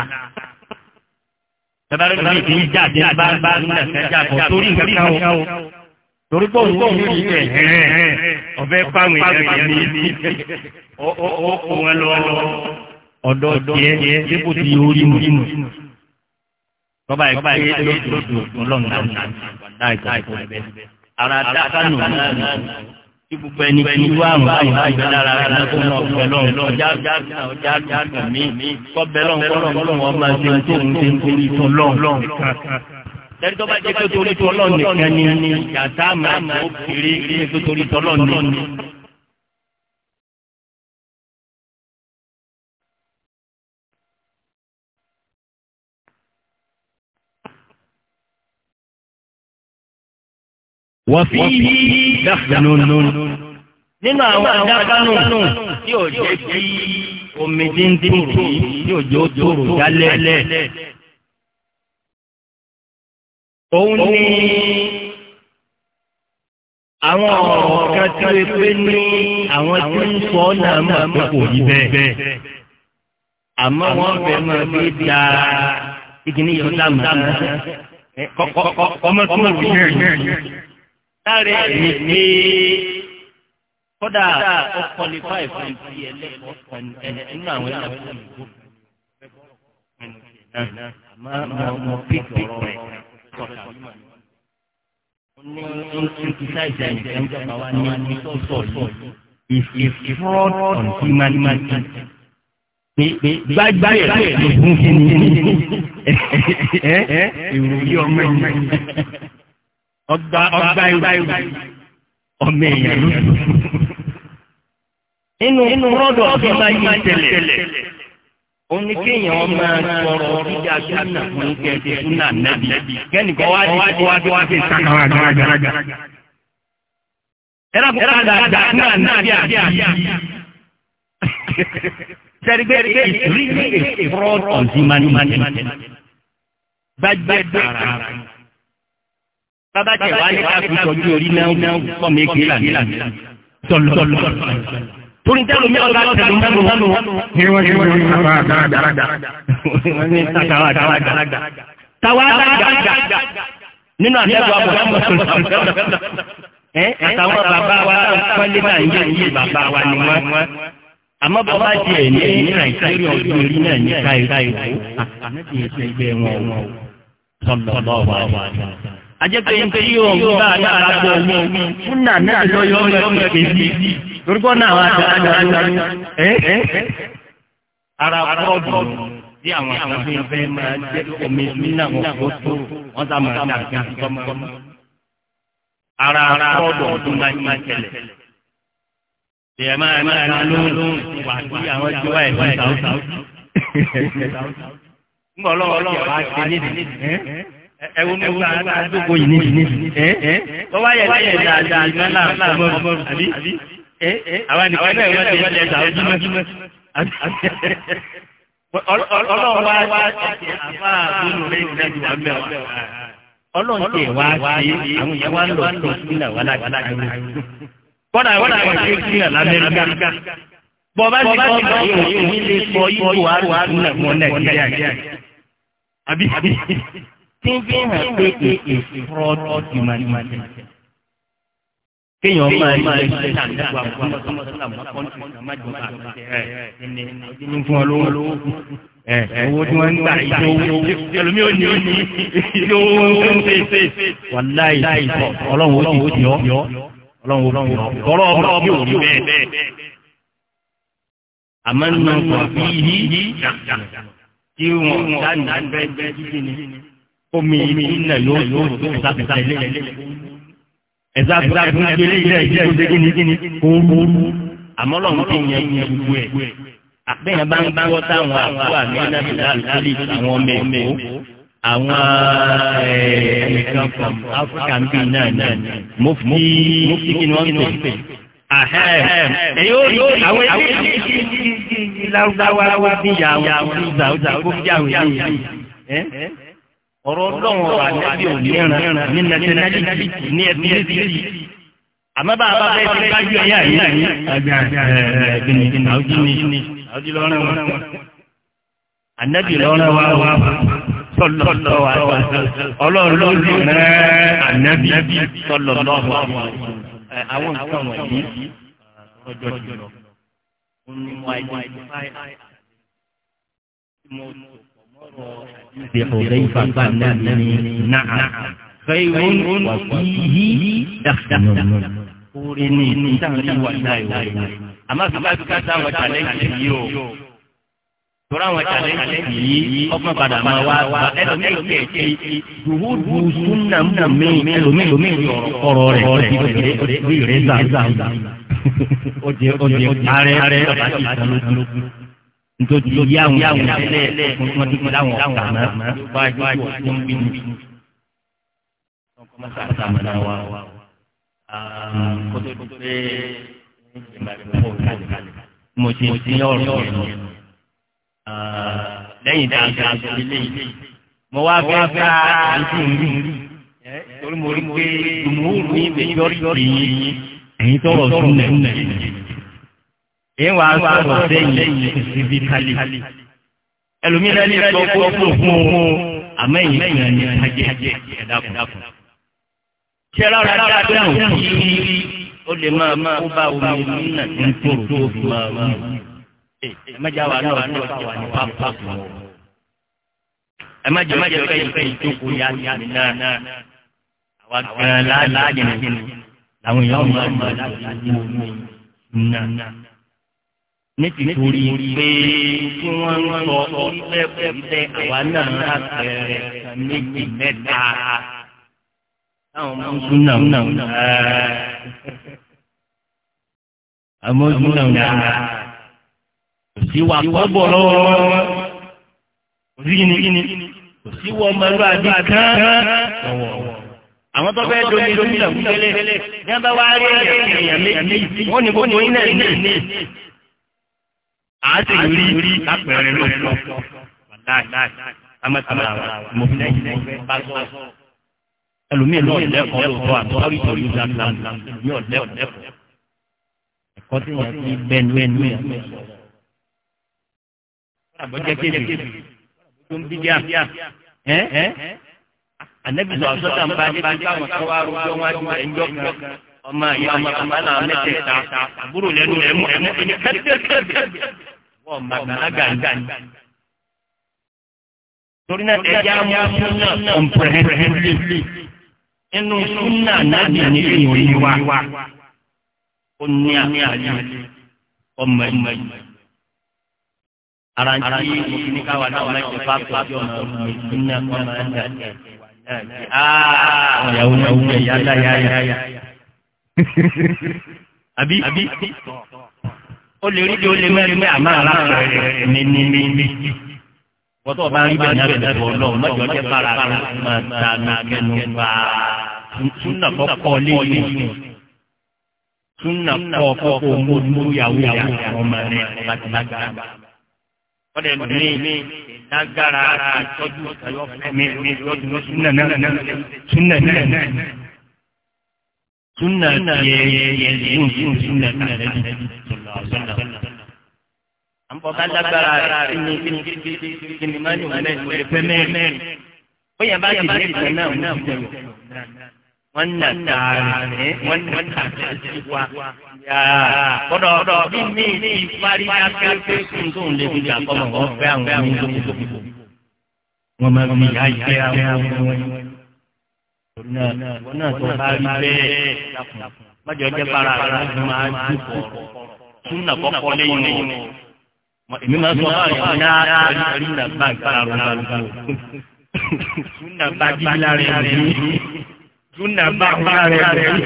Tẹ́bárẹ́ mi kì í jáde bá ń bá ń dàgbẹ́jà kọ́ torí nǹkan kan o torí pé òun yóò rí ẹ ọbẹ̀ pàmì ẹ̀rọ ní ọkọ̀ wọn lọ ọ̀dọ̀ tiẹ̀ dípò tí orí mu tọ́ba ẹ̀ pé lóṣù ọlọ́run náà láì tó ẹ̀ ara dákánù náà tí gbogbo ẹni tí irú àrùn báyìí bá yọ lára rẹ̀ náà tó ń lọ ọjà ọjà ọjà mi kọ́ bẹ̀ lọ́run kọ́ lọ́run ọmọ ẹgbẹ́ tó ń tó ń torí tó lọ́run tẹ́lifíṣọ́ bá jẹ́ pé torí tọ́lọ́ nìkan ni yàtá máa mọ̀ ó kéré pé torí tọ́lọ́ ni. wọ́fíì dáfẹ́nu nínú àwọn àdáfẹ́nu tí ò jẹ́ kí omi dín dín kù yóò jó tòrò jálẹ̀ òun ni àwọn ọ̀rọ̀ kan tí ó pé ní àwọn tí ń sọ náà máa pé kò rí bẹ́ẹ̀. àmọ́ wọ́n fẹ́ máa fi da ìgbìní yóò dá màá kọ́mọ́ tó wù yẹ́rì. láre mi pé kódà ó kọlifá ìfún ti ẹlẹ́kọ̀ọ́ kan nínú àwọn ẹlẹ́kọ̀ọ́ ìgbò. àmọ́ mo fi kọ̀ọ̀rọ̀ rẹ̀ sọ̀tà ní criticize ẹni tẹ́ ń jọba wa ní ní sọ̀tọ̀ yìí is a fraud on human humanity. Gbáyé báyé ló fún kí ni ìròyìn ọmọ ẹ̀yìn. Ọgbà ọgbà ìròyìn ọmọ ẹ̀yìn ló fún. Inú fraud on human humanity òun ni kéèyàn ọmọ sọ̀rọ̀ dídá súnà fún kẹ̀kẹ́ súnà nàbí kẹ́nìkan wá di kó wá di wá di sákàwá àgbàlagbà. ẹ̀rọ kò kàdà àdà náà nàbí àbí àbí. sẹ́rígbé ìrírí ìfúrọ́ ọ̀sìn mánimánì. gbàgbé dára. bàbá tẹ̀ wá ní káfíńsọ̀ ojú orí náà kọ́ mi kéèlà nílà. sọ̀lọ̀ sọ̀lọ̀ sọ̀lọ̀ torí tẹ́lu mi ọ̀gá tẹ̀lu mẹ́lu mẹ́lu. ní wọ́n ṣe wọ́n sábà dáradára. wọ́n ní sábà dáradára. tàwa dáradára nínú àtẹ́lu àbọ̀dá àtàwọn bàbá wa pálí náà yé yé bàbá wa ni wọ́n. àmọ́ bàbá tiẹ̀ ní ẹ̀yìn nàìjíríà ọdún orí náà ní káyọ̀ káyọ̀ àti ẹ̀sẹ̀ ẹgbẹ́ wọn wọn sọ̀lọ̀ lọ́wọ́ àwọn àgbà ajẹ́pẹ́ pé yóò mú dáadáa lábọ̀ owó fún náà náà lọ́yọ́ lọ́yọ́ kejì lórúkọ náà wà dáadáa ẹ́ ara pọ́ọ̀bù bí àwọn àgbàgbé fẹ́ máa jẹ́ omi nínú àwọn fótó wọ́n sá máa dà bí gbọ́mọgbọ́mọ. ara pọ́ọ̀bù ọdún máa ń tẹ̀lẹ̀. ìyẹn máa máa ń lóhùn wà sí àwọn tí wọ́n ẹ̀ ní ń bọ̀ lọ́wọ́ lọ́wọ́ bá ṣe nídìí ẹwọ ní ọgbà àdúgbò yìí níbi ẹ tọ́wá yẹ lẹ́yẹ dáadáa ìgbàlá ọmọrù àbí àwọn nìkan náà wọ́n lè lẹ́yẹ dáadáa ojúmọ́. ọlọ́run wá wá àbá àbúrò rẹ̀ ìdájọ́ wa mẹ́wàá. ọlọ́run tẹ̀ wá sí àwọn ìyá wa ń lọ sí ìpínlẹ̀ wa láti kọ́dà wọ́n náà wọ́n ti kí ẹ̀ lamẹ́ríkà. bọ́ọ̀bá ti kọ́ ọ̀dọ́ yìí ò ní lè sọ ipò àrùn àrùn nàìjíríà àbí àbí tí ń fi hàn pé èké fúrọ́dù ìmọ̀lẹ́mọ̀lẹ́. kéèyàn máa ń ṣe ṣe àdàgbà fún owó tí wọ́n ń gbà ìjọ owó ẹlòmí ò ní ò ní ìjọ owó ń ṣe ṣe wà láì sọ ọlọ́run ó ti yọ ọlọ́run ó ti yọ ọ̀rọ̀ ọ̀rọ̀ bí òní bẹ́ẹ̀ àmọ́ nínú ọkọ̀ bí yí tí wọ́n dáná bẹ́ẹ̀ bẹ́ẹ̀ jíjìn ní omi ìdúnnà yóò yóò ṣàtẹ̀lé ẹ̀sà fún agbélé ilé ìjẹ́ ìjẹ́ gíní ooru àmọ́ lọ́run tó yẹ yẹ gbogbo ẹ̀ àbẹ́yẹn bá ń gbọ́ táwọn àbúrò àmì ẹ̀dàbìlà àlùkálì àwọn ọmọ ẹ̀kọ́ àwọn ẹ̀ẹ̀kan from Africa ń bí náà náà mo fi mo fi kí ni wọ́n ń pè é yóò rí àwọn ẹgbẹ́ ìlú lárúbáwá wá bí ìyá àwọn ọmọ ìgbà ó ti kó bí àwọn ìyá ọ̀rọ̀ ọlọ́run ọ̀rọ̀ ànábì ò ní ẹran ní nationality ní ethnicity àmọ́ bá a bá fẹ́ ti gbájú ẹ̀yà yìí ẹ̀ẹ́dẹ̀gbìn àwùjí ni àwùjí lọ́rùn wọn. ànábì lọ́rùn wa wà sọlọ́lọ́ wa ọlọ́run ló lù rẹ́ ànábì sọlọ́lọ́ wa àwọn nǹkan wọ̀nyí ọjọ́ jùlọ. mo ní mo identify mo bí Hudhayfa bá nàbí ní náà fẹ́ẹ́rún wà fíhí dáadáa. Orí ni ìtàrí wà láì wà láì. Àmọ́ fífá fífá sáwọn challenge yìí o. Tora àwọn challenge yìí ọgbọ́n padà máa wá wá ẹlòmíì kẹ̀ ṣe dùhùdù súnàmù mi ẹlòmíì mi ọ̀rọ̀ rẹ̀ ọ̀rẹ́ rẹ̀ zàzà. Ó di ó di ààrẹ ọ̀rẹ́ ọ̀rẹ́ ọ̀rẹ́ ọ̀rẹ́ nítorí ìyá àwọn ìyá àwọn ìlẹ̀ wọn láwọn ọ̀tà mọ́ wájú wájú tó ń bínú. ọkọ̀ mọ́tà ọ̀tà mọ́ náà kótó tó pé mo ti ti ọ̀rọ̀ yẹn lọ. lẹ́yìn dáadáa tó lé ilé mo wá fẹ́ fẹ́ àǹtí mi torí mo rí pé ìmúhùn mi ìgbẹ́jọ́ rí yín. ẹ̀yin tọrọ sún nẹ̀ èyí wàá sọ̀rọ̀ sẹ́yìn síbi kálí. ẹlòmíràn ní ẹgbẹ́ ọkọ̀ fún òun o àmọ́ èyí kan ní ajẹ́ ẹ̀dákun. ṣé rárá rárá dáhùn sí ó lè máa kó bá omi nínà tí ń tòrò tó fi máa wù. ẹ má já wa náà ní ọjà wa ní pápákọ̀ wọn. ẹ má jẹ́ ẹ má jẹ́ fẹ́yìn fẹ́yìn tó kó yá yá mi náà. àwa gan-an láàyè nìyí làwọn èèyàn máa ń bá a lọ sí ọmọ náà nítorí pé tí wọ́n ń sọ orílẹ̀ orílẹ̀ àwa náà lápẹẹrẹ méjì mẹ́ta táwọn máa ń náà náà àmọ́ kò sí wa kọ́ lọ́wọ́ kò sí kíni kò sí wọ́n máa lọ àbí kán àwọn tó fẹ́ doni doni náà kúlẹ̀ ní abáwá rí ẹ̀yà méjì wọ́n ní gbogbo iná ní a sì rí lápẹẹrẹ ló lọ amátara mo fi lẹ́yìn lọ bá sọ ẹlòmíì lọ lẹ́kọ̀ọ́ lọ́tọ̀ àtọrí torí zanzan ẹlòmíì ọ lẹ́kọ̀ọ́ ẹ̀kọ́ tí wọn ti bẹnu ẹnu ẹ àbọjẹ kébì tó ń bíjà ẹ ẹ anabi sọ àtọ tàǹbà níbi táwọn káwá rojọ wájú ẹ ń jọ kan ọmọ ìyá ọmọ bàbá náà mẹ́tẹ̀ẹ̀ta àbúrò lẹ́nu ẹ̀mú ẹ̀mú ẹ̀mú kẹ́tẹ́kẹ́tẹ́ wọ́n máa gbàlágà ní. torí náà ẹja mú náà kọ̀m̀pẹ̀rẹ̀hẹ́rẹ́lì inú súnà náà ní ìròyìn wa ó ní àmì àlè ọmọ ẹ̀mọ ẹ̀mọ ara ń tí ní káwa náà wọn ti bá bá bí ọmọ ọmọ ìpínlẹ̀ ọmọ ẹ̀dá ẹ̀dá ẹ̀dá àwọn ìyàwó náà wúlò ìyá ńlá yáyà àbí ó lè rí bí ó lè mẹ́rin mẹ́ àmọ́ aláàbẹ̀rẹ̀ ní ní ní ní. bọ́tọ̀ bá ń gbà ní abẹ́rẹ́ bọ̀ lọ mọ́jọ́ jẹ́ bára rẹ̀ máa ta ní akẹ́nu bá túnà kọ́kọ́ léyìn túnà kọ́kọ́ kó mú mú yàwó yàwó ọmọ rẹ̀ bàtìlágbà. wọ́n lè ní lágbára àtọ́jú ìtàyọ̀ fún mi lọ́dún lọ́sùn náà náà náà súnà tiẹ̀ yẹ yóò yóò súnà tàbí sọlọ sọlọ. à ń bọ̀ ká lágbára rẹ̀ kíni kíni kíni máa ní ìwọlẹ̀ ìwọlẹ̀ fẹ́ mẹ́rin. bóyá bá ti dé ìtàn náà wọ́n ti dẹ̀rọ. wọ́n nà tààrà rẹ̀ wọ́n nà tààrà sí wa. kọ́dọ̀ ọ̀dọ̀ bí mi ní ìparí akẹ́kẹ́ fún tóun lè fi àkọ́mọ̀ ọ̀fẹ́ àwọn ọmọ ìlú tó kù. wọ́n máa fi yá ìgbé àwọn ọmọ ìlú wọn náà tó bá rí bẹ́ẹ̀ májọ jẹ́ bára rẹ̀ ló máa dúpọ̀ túnà kọ́kọ́ lẹ́yìn lẹ́yìn èmi máa sọ báyìí wọn náà rí nà bá ìbára rẹ̀ ló túnà bá jíjìlá rẹ̀ rí túnà bá bára rẹ̀ rí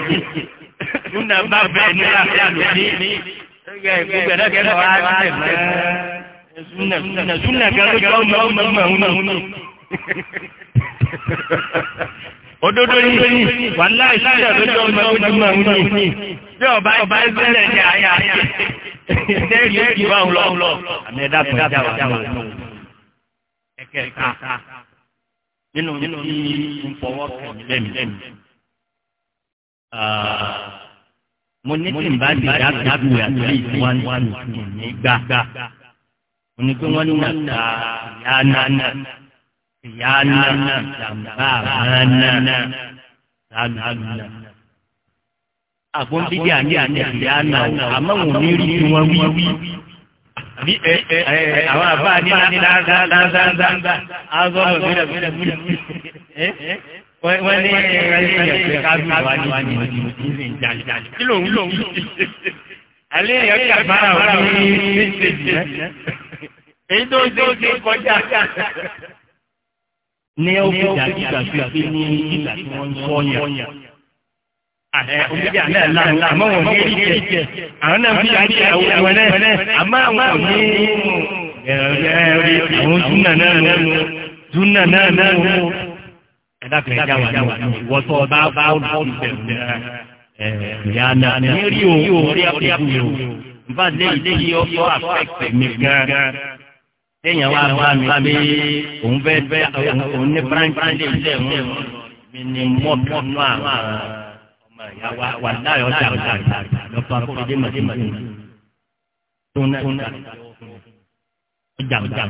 túnà bá bẹ́ẹ̀ ní àlọ́ ní gbogbo ẹ̀dá kẹ́kọ̀ọ́ á rí ẹ̀ súnà súnà súnà kẹ́kọ̀ọ́ òdodo yìí wà láì sílẹ̀ lójú ọmọ ojúmọ̀ òun ni bí ọba ọba ìbílẹ̀ ní àyà ìtẹ́rì ìdí bá ń lọ lọ àmì ẹ̀dá tó ń jáwà jáwà ẹ̀kẹ́ta nínú nínú ní ìfọwọ́ kẹ̀mí lẹ́mí. mo ní kí n bá di dábìlì àti one one two ní gbà mo ní kí wọ́n nà ta yánnáná ìyáná jàmbá àmàna lálùlá. àgbọ̀ndídé àní àti ìyáná o àmọ́ wọn ò ní rí tí wọ́n wí. ní ẹ ẹ ẹ àwọn àbá ní lánzánzánzá azọ́nà gbẹdẹgbẹdẹ wọ́n ní ẹ̀rọ kábíyà wà ní wàní ní jàjàjì kí ló ń lò ń alẹ́ yẹn kàbára wà ní méjèèjì èyí tó ń ṣe kọjá ní ó fi dàgbà gbàgbé ní ìgbà tí wọ́n ń sọ́yàn. Àmọ́ wọn ní èyí jẹ, àwọn náà fi àti àwọn ẹ̀wẹ̀lẹ̀, àmọ́ àwọn ní ẹ̀rẹ́ àwọn súnà náà nù, súnà náà nù. Ẹ̀dá kan ẹja wà ní ìwọ́sọ̀ bá bá olùsọ̀rọ̀ bẹ̀rẹ̀ ìyá náà ní rí òun rí àpèjú rẹ̀. Bá lè yí ọ̀pọ̀ àpẹẹ̀kẹ̀ mi gan-an téèyàn wá bá mi pé òun fẹ́ òun ní pírántílé ilé òun mi ni mọ́ọ̀kì nù àwọn ọmọ ìyá wa wà láyọ̀ ọjà ọjà lọ́pàá kó fi dé màdémàdé tó náà ọjà ọjà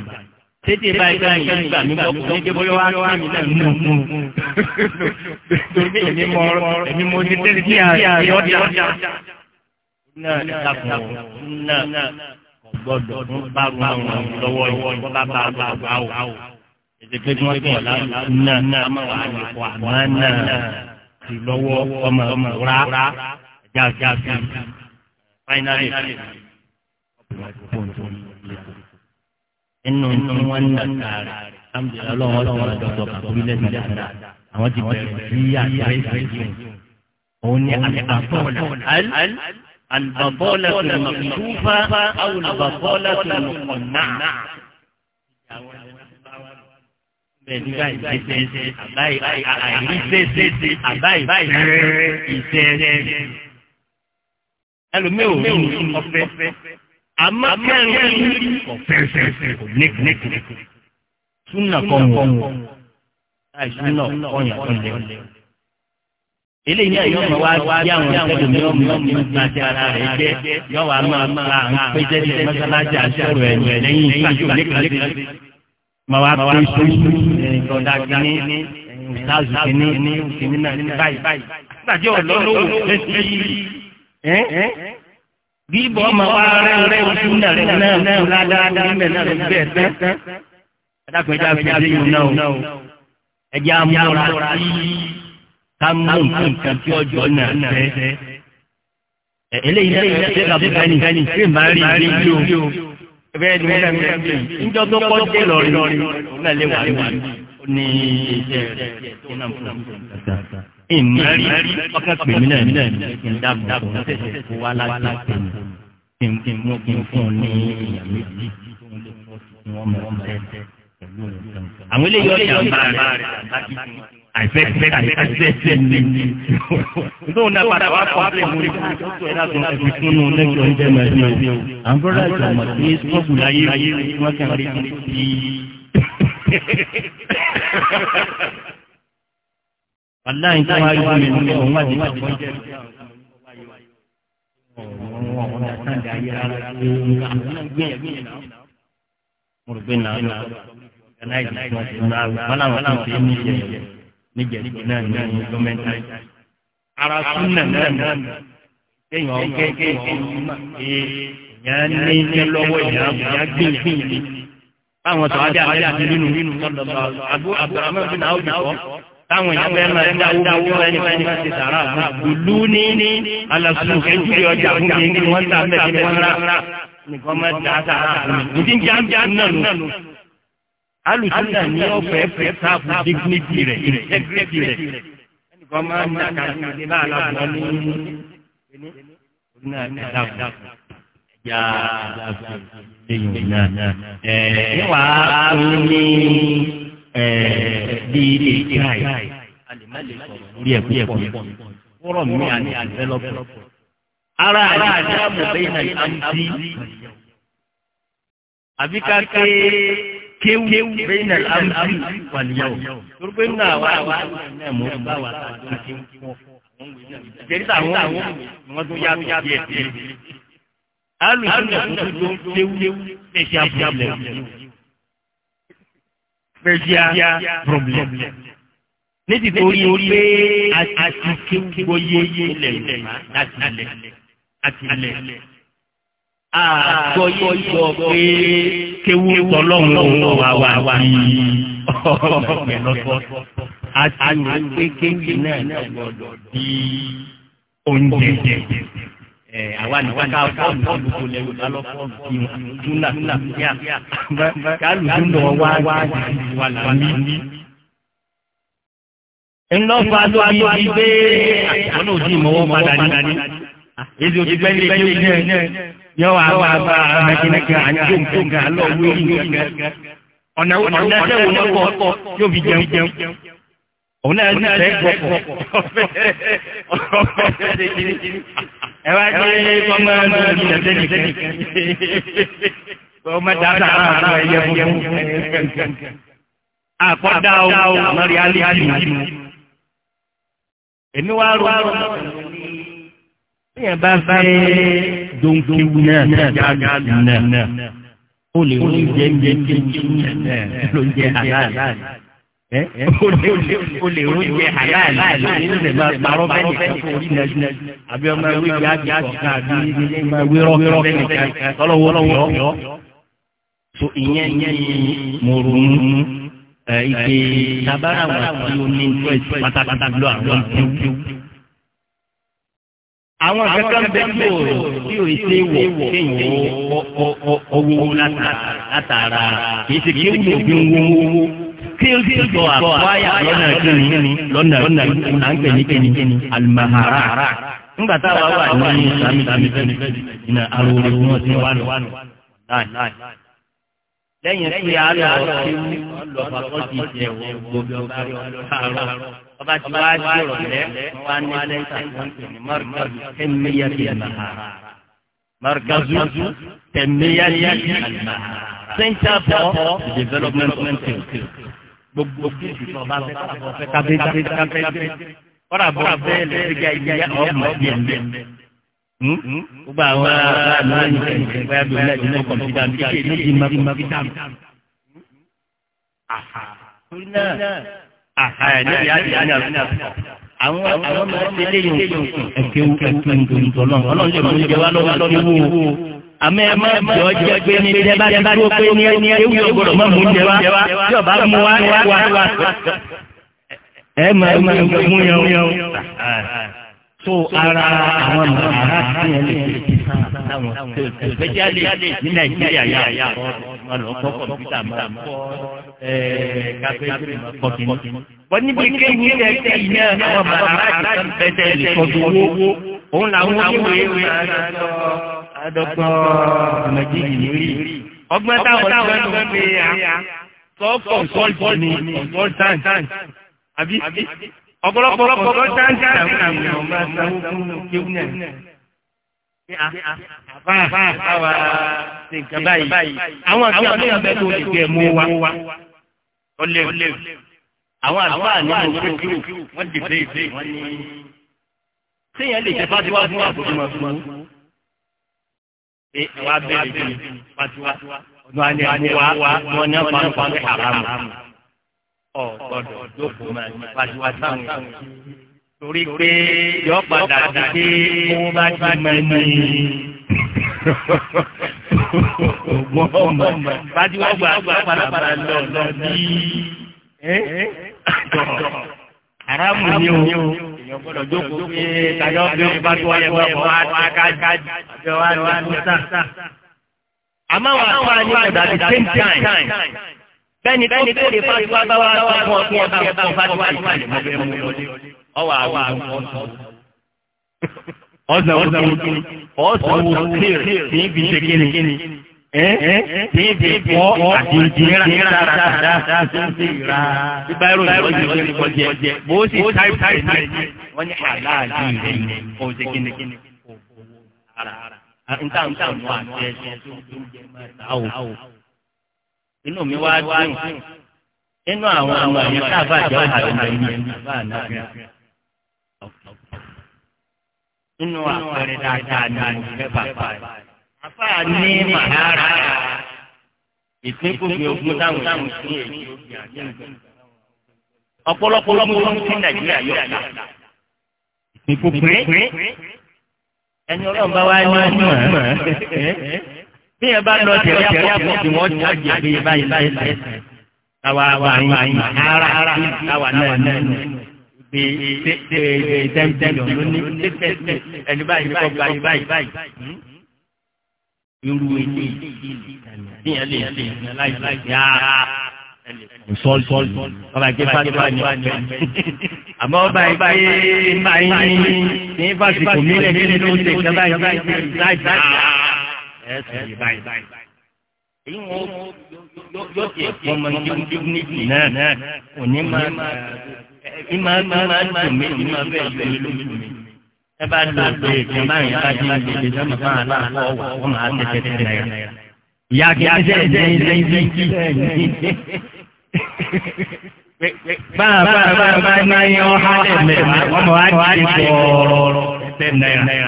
tètè báyìí báyìí yìí gbà mí bọ́ ní débóyọ́ wá wá mi náà nù nù. èmi mọ èmi mọ ní tẹ́lifíà yọ̀ọ́dà náà ní takùn náà gbọ́dọ̀ fún bárù àwọn lọ́wọ́ yìí kó bá bá bá bá o. ètò pé kí wọ́n náà náà má wà á lè àmọ́ náà ti lọ́wọ́ ọmọ ọmọ rà já já já. fainali inú inú wọn nà kàrà ọlọ́wọ́ ọlọ́wọ́ ọ̀dọ́dọ̀ kàkúrí lẹ́sìn dáadáa àwọn ti bẹ̀rẹ̀ sí àtẹ̀rẹ́sì yìí òun ni àtẹ̀kàtọ̀ ọ̀la البطالة المكشوفة أو البطالة المقنعة Bẹ̀dúrà ìṣẹ́ṣẹ́ àbáyé àìríṣẹ́ṣẹ́ àbáyé ìṣẹ́ṣẹ́. Ẹlòmíì ò ní ọ̀fẹ́. Àmọ́ kẹrin ọ̀fẹ́ ṣẹ̀ṣẹ̀ kò lékùlékù. Súnà kọ̀ọ̀kan. Àìsúnà kọ̀ọ̀yàn kọ̀ọ̀lẹ̀ eléyìí náà yóò máa wá bí àwọn ìṣẹ́gun ní ọmọ ìgbà tí ara rẹ̀ jẹ́ yóò wá máa pa àwọn ní mọ́sálásí àṣọrọ̀ ẹ̀rù ẹ̀ lẹ́yìn ìṣàjò lẹ́kàlẹ́kà máa pé ṣoṣù ìtọ́jà kìíní ìṣàjò kìíní kìíní náà báyìí báyìí. gbàdé ọlọ́lọ́wọ́ lẹ́sẹ̀ yìí bí ìbọn máa wá rẹ̀ rẹ̀ oṣù náà rẹ̀ náà náà ládàá níbẹ̀ náà rẹ̀ bẹ́ẹ̀ tẹ́ ká mú nǹkan tí ọjọ́ náà fẹ́. eléyìí náà ṣe kàbí kẹ́ni ṣé màá rí rí yó. bẹ́ẹ̀ ni wọ́n fẹ́ mi níjọ́ tó kọ́ dé lọ rí ọ̀nà ilé wà ní iṣẹ́ rẹ̀ kí náà fún mi. ìmọ̀rí ọkàn pè mí náà kí n dábòbò kí n tẹ̀sẹ̀ kó wá láti pè mí kí n kí n mú kí n fún un ní ìyá méjì tó ń lé pọ́ọ̀tù tí wọ́n mọ̀ ọ́n bẹ́ẹ̀ pẹ̀lú nǹkan. àwọn eléyìí ọjà ń bá rẹ̀ àìfẹ́ àìfẹ́ àìfẹ́ àìfẹ́ ní. Ntọ́ náà padà wá kọ́ abúlé mú ẹ̀fí túnú lẹ́kọ̀ọ́ ní jẹ́nu ẹ̀fí o. À ń bọ́dọ̀ àjọ mọ̀ sí sọ́ọ̀bù láyé wọ́n kàn rí sí. Aláì tó wá yọ mi ní òun àti ìjọba jẹ́ mo rò pé nàá nàá ẹ̀ láì jẹ́ kí wọ́n ti ń bá a wọ́n láwọn tó ń fi ní ìyẹn níjẹ̀ríbi náà ní gọ́mẹ́ntàì. ara súnà náà ní kéèyàn kéèyàn èèyàn ní ní lọ́wọ́ èèyàn gbìyànjú. báwọn sọ̀rọ̀ adé àti àti nínú nínú táwọn èèyàn bẹ́ẹ̀ máa dáwó dáwó ẹni ẹni máa ti sàrà lù ní ní alásùn kẹjú ọjà fún mi kí wọ́n tà mẹ́tẹ́ wọ́n rà nìkan máa dá sàrà fún mi. ìdí ń jáde náà nù alùsùnà ni ọ̀fẹ́ pẹ̀sáàfù dignity rẹ̀ integrity rẹ̀ ẹnìkan máa ń nàka ní ilé bá alábọ̀ ní ọ̀nà ẹ̀dá ẹ̀yà lẹ́yìn náà ẹ̀ níwà ó ní bí èyí ráì alèmọ́lè sọ̀rọ̀ ẹ̀kú ẹ̀kú fọ́rọ̀ mi àní àdẹ́lọ́pọ̀ ara àdìsáàmù bẹ́ẹ̀ náà àmì sí àbíká kéwù bẹ́ẹ̀nà àmì wàlíyàwó. Torúkọ nínú àwa àwa náà mọ̀ ní báwa láti kéwù fún ìjẹ́rí táwọn àwọn wọn tó yàtọ̀ díẹ̀ díẹ̀. Alùpùpù náà tó tó kéwù pèsè àbúlẹ̀ pèsè àbúlẹ̀. Ní ti torí pé àti kéwù gbọ́ yé ilẹ̀ láti ilẹ̀ àti ilẹ̀ àgbọ̀yọ̀ pé kéwú tọ́lọ́run wà wà wà ní ọ̀rọ̀ lọ́tọ́. àti pé kéwú náà gbọ́dọ̀ di oúnjẹ. àwa nìkan ká fọ́ọ̀mù olùkọ́ lẹ́yìn lálọ́fọ́ọ̀mù kí n dúnà dúnà bíyà. kálù dúnà wá wá wà lámì. ńlọ fa ló ayé bíi pé àwọn òjì ìmọ̀wọ́ padà ní. èdè òjì pẹ́ẹ́lí pẹ́ẹ́lí náà yọ wà wà bá mẹkìnìkan àjò nǹkan lọ wíwí nǹkan ọ̀nà ọ̀nà tẹ̀wò lọ́kọ̀ yóò fi jẹun jẹun òun náà ní fẹ́ gbọ́kọ̀ ẹ wá gbé ọmọ ọmọ mi lọ sẹ́ni ọmọ dáadáa ara rẹ yẹ fún un àkọ́dá o lórí alíhàlì nù èmi wá rò ó ní bá fẹ́ dóńkéwu so ìyẹn ní mo ronú ike tabara wà sí omi pàtàkì lọ àwọn ìdíwọ́ àwọn kankan bẹ tí o tí o ṣe wọ kéèyàn owó látara kì í ṣe kí wúlò bí wọ́wọ́ kí o sì sọ àkọ́yà lọ́nà kíni lọ́nà lọ́nà ń pè ní kíni alimahara nígbà táwa wà ní sami sami bẹ́ẹ̀ ní arúgbó wọn ti wà lọ́wọ́ lẹ́yìn pé a lọ sí ọlọ́pàá kọ́ọ̀tì ìjẹ́ wọ gbogbo ọba rẹ̀ ọlọ́pàá ọba tí wàá di ọ̀rọ̀ lẹ́ wàá ní lẹ́ńtà ní mọ́rùkàzù tẹ̀míyà bíi àlàhà mọ́rùkàzù tẹ̀míyà bíi àlàhà center for development gbogbo kìsì tó ọba fẹ́ kábẹ́ kábẹ́ kábẹ́ kọ́ra bọ́ bẹ́ẹ̀ lẹ́sẹ̀ gẹ́gẹ́ ọmọ bíi ẹ̀ gbogbo àwọn aráàlú ẹ̀yìn ẹ̀yìn bóyá bí orílẹ̀ èdè náà kọ̀m̀pútà ní kéèké méjì mọ́kítà. torí náà níbi àdìyà ní àdìyà àwọn àwọn máa ń tẹ́lẹ̀ yòókù ẹ̀kẹ́ ẹ̀kẹ́ nítorí tọ́lọ́ ọlọ́run lè mú ìjọba lọ́wọ́ lọ́wọ́ wò ó àmọ́ ẹ má jọ jẹ pé ní ilé bá dúró pé ní ewu ọgbọ́dọ̀ má mú jẹ wá tí ọba mú wá wá wá ẹ má mú yẹn o so ara àwọn màrà tí wọn lè fi ti sàn táwọn especially ní nàìjíríà yà wọn lọ kọ kọmpútà máa kọ káfíńtì kọkìnì. wọ́n níbi kéwì rẹ̀ tí ìyá àwọn màrà tí bẹ́tẹ̀ lè kọjú owó òun làwọn awúwe adọ́gbọ́n ọmọdé yìí rí ọgbọ́n táwọn táwọn ló fi hàn sọ kọ̀ǹsọ́ọ̀tì ní kọ̀ǹsọ́ọ̀tì àbí ọ̀pọ̀lọpọ̀ ọ̀pọ̀lọpọ̀ dáńdá ah, ah, àwọn àwọn Àwọn àti àwọn tó lè gbé mú wa. Ọlẹ́ ọlẹ́ àwọn àlùfáà ní àwọn olùkúrò wọ́n ti bẹ́ẹ̀ bẹ́ẹ̀ wọ́n ní. Séèyàn lè jẹ fásiwá fún àbùkù fún. Ṣé àwa bẹ̀rẹ̀ bẹ̀rẹ̀ fásiwá? Ọ̀nà àlẹ́ àmúwá wọn ní àpamọ́ àmì àràmù ọ̀ gbọ́dọ̀ jókòó máa ń pàṣípà táwọn èèyàn torí pé yọ padà dìde mo bá ti mọ ẹni. Ògbọ́n ọmọ bájúwá gbà pàlàpàlà lọ lọ bí. Àràmù ni o, èèyàn gbọ́dọ̀ jókòó pé tàyọ̀ bí o bá tó wáyé wá bọ̀ wá kájí àjọ wa ní kúta. Àmọ́ wàá fà ní ọ̀dà the same time. bẹ́ẹ̀ni tó kéde fatiwa bá wà fún ọ kí ẹ bá wọn fún mọ́ bẹ́ẹ̀ mú wọlé ọwọ́ àwọn àwọn ọ̀sán. ọ̀sán ọ̀sán wò kí ọ̀sán wò clear kì í fi ọ kíni kì í fi fọ́ àti ìdíyẹ́rà dáadáa sí sí ìra. bíbá ẹ̀rọ ìwọ́jú ìwọ́jú ìwọ́jú ẹ̀ bó sì táìpù táìpù ẹ̀ wọ́n ní àláàjì rẹ̀ kò ṣe kíni kíni ara. nta nta nù àti tó ń inú mi wá dùn inú àwọn ọmọ yẹn káàbà jẹ́ àdúrà yẹn inú àpẹẹrẹ dáadáa ní ìfẹ́ bàbá rẹ̀. bàbá ní màdára ìpínkùnkùn ogun táwọn táwọn sí èyí ọ̀pọ̀lọpọ̀ lọ́mọdún sí nàìjíríà yóò ta. ìpínkùnkùn ẹni ọlọ́run bá wá ní ọmọ ẹ̀ bí ẹ bá lọ tẹ̀lé àpò tí wọ́n ti àjẹ́ bí báyìí báyìí lẹ́sẹ̀. Àwa àwa àyìn ara àwa náà nínú bí tẹ́ntẹ́lọ̀ lóní tẹ́tẹ́tẹ́ ẹni báyìí kọ́ báyìí báyìí. Irú ilé ìyẹn lè ṣe ìyẹn láì láì yára. Sọ́ọ̀lù sọ́ọ̀lù ọba jẹ́ fásitì ní ọ̀nà. Àmọ́ ọba ìgbé máa ń ní fásitì kò ní lè ní lè lóde ìjọba ìjọba ìjọba ìjọba ẹ̀sùn yìí báyìí. èyí yóò tiẹ̀ fún ọmọ ìdíwọ́n nídìí náà òní máa ní máa ní máa ní dùn mí ní máa bẹ́ẹ̀ yọ mí lómi mi. ẹ bá lò pé ìkan báyìí bá dín ní ìdílé sọ́mọ fún aláàbọ̀ wà wọ́n máa tẹ̀tẹ̀ tẹ̀ náírà. ìyá kí á jẹ́ ìjẹ́ ìjẹ́ ìjẹ́ ìjẹ́ báà báà báà báà máa yan ọ́ ha ẹ̀mẹ̀ ọmọ wa ti bọ̀ ọ̀rọ̀ ẹ̀tẹ̀ náírà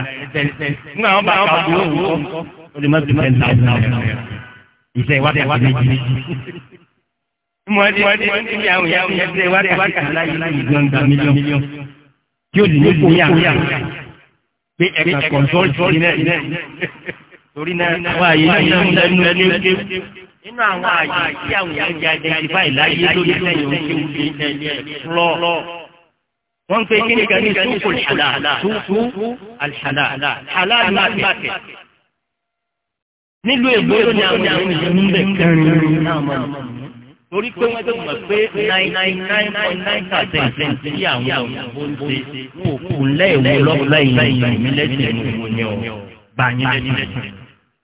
ó lè má ti ten thousand naira ìṣe ìwádìí àti méjì. mo ní mo ní ní àwọn ìyàwó yẹn ṣe ìwádìí àti kàlá yìí láyé gbọ̀ngàn mílíọ̀n tí ó lè ní kó yà pé ẹ̀ka kọ̀ǹtọ́ọ̀tì náà torí náà wà yìí náà nínú ẹnu ẹni ó ké nínú àwọn àyè tí àwọn èèyàn jẹ identify láyé lórí ẹ̀yìn òkèwúdé ẹ̀yẹ flọ́. wọ́n kí ni kan ní sukul halal suku alhalal halal market nílùú ègbèrò ni àwọn ènìyàn ń bẹ̀ kẹrin náà mọ̀ torí pé wọ́n ti mọ̀ pé nine nine point nine percent tí àwọn òyìnbó ń ṣe wò kú lẹ́ẹ̀wò lọ́kùnrin lẹ́yìn mi lẹ́sìn ìwò ni ọ̀ bá yín lẹ́sìn.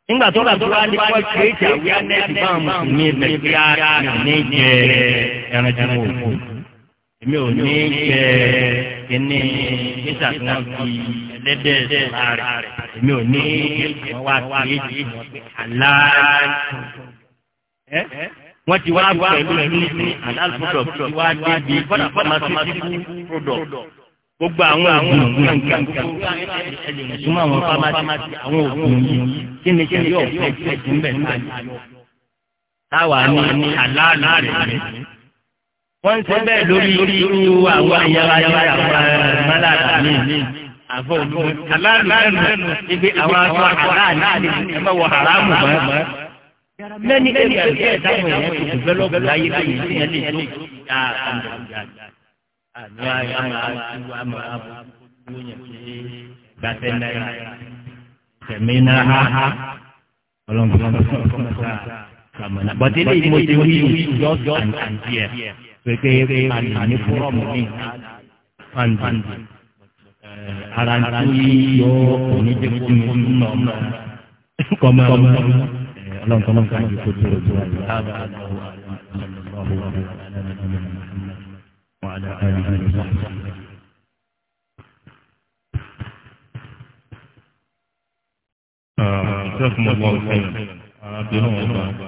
nígbà tó bá tó wá ní wọ́n kéré jà wíwá nẹ́ẹ̀sì bá àwọn mùsùlùmí ẹgbẹ́ kí á ní jẹ ẹran tí wọ́n kú èmi ò ní kẹ kíní nígbà tí wọn fi ẹlẹ́dẹ̀ sọra rẹ èmi ò ní kẹ wọn wá kéèjì àlá wọ́n ti wá pẹ̀lú ní aláàfọ̀dọ̀ tí wá débi pharmaceutical product gbogbo àwọn oògùn nǹkan ìtumọ̀ àwọn pharmacy àwọn oògùn yìí kí ni kí ni yóò fẹ́ fẹ́ jù mẹ́ta yìí táwa ní aláàlá rẹ̀ rẹ̀ wọ́n ń ṣe bẹ́ẹ̀ lórí irú àwọn ayára ayára mọ́lára mi. àfọ̀ aláàlú ibi àwọn aṣọ aláàlú ẹ má wọ haramu mọ́. mẹ́ni ẹni ẹ̀ka ìdáhùn yẹn kò dìbẹ́lọ́pù láyé tó yẹ kí ẹ lè tó. àmì àmà àmà àbò gbàtẹ́ náírà tẹ̀mí náà ha ha ọlọ́mọ ọlọ́mọ ọlọ́mọ sáà kàmọ́nà. bọ́tẹ́lẹ̀ ìmọ̀ tẹ́wọ́ yìí yọ̀ọ́ yọ̀ọ́ àǹtí ẹ̀ pépé pàǹdì ní fúrọ́ọ̀mù ní pàǹdì eh, ara ń tí yọ òní jẹ́ kó mi ń lọ mọ́ kọ́mọ́ eh, ọlọ́run kọ́mọ́ kan yìí kó tó o tó a yọ. Ṣé fún ọgbà ọ̀sẹ̀ yìí? Arábìnrin ọgbà.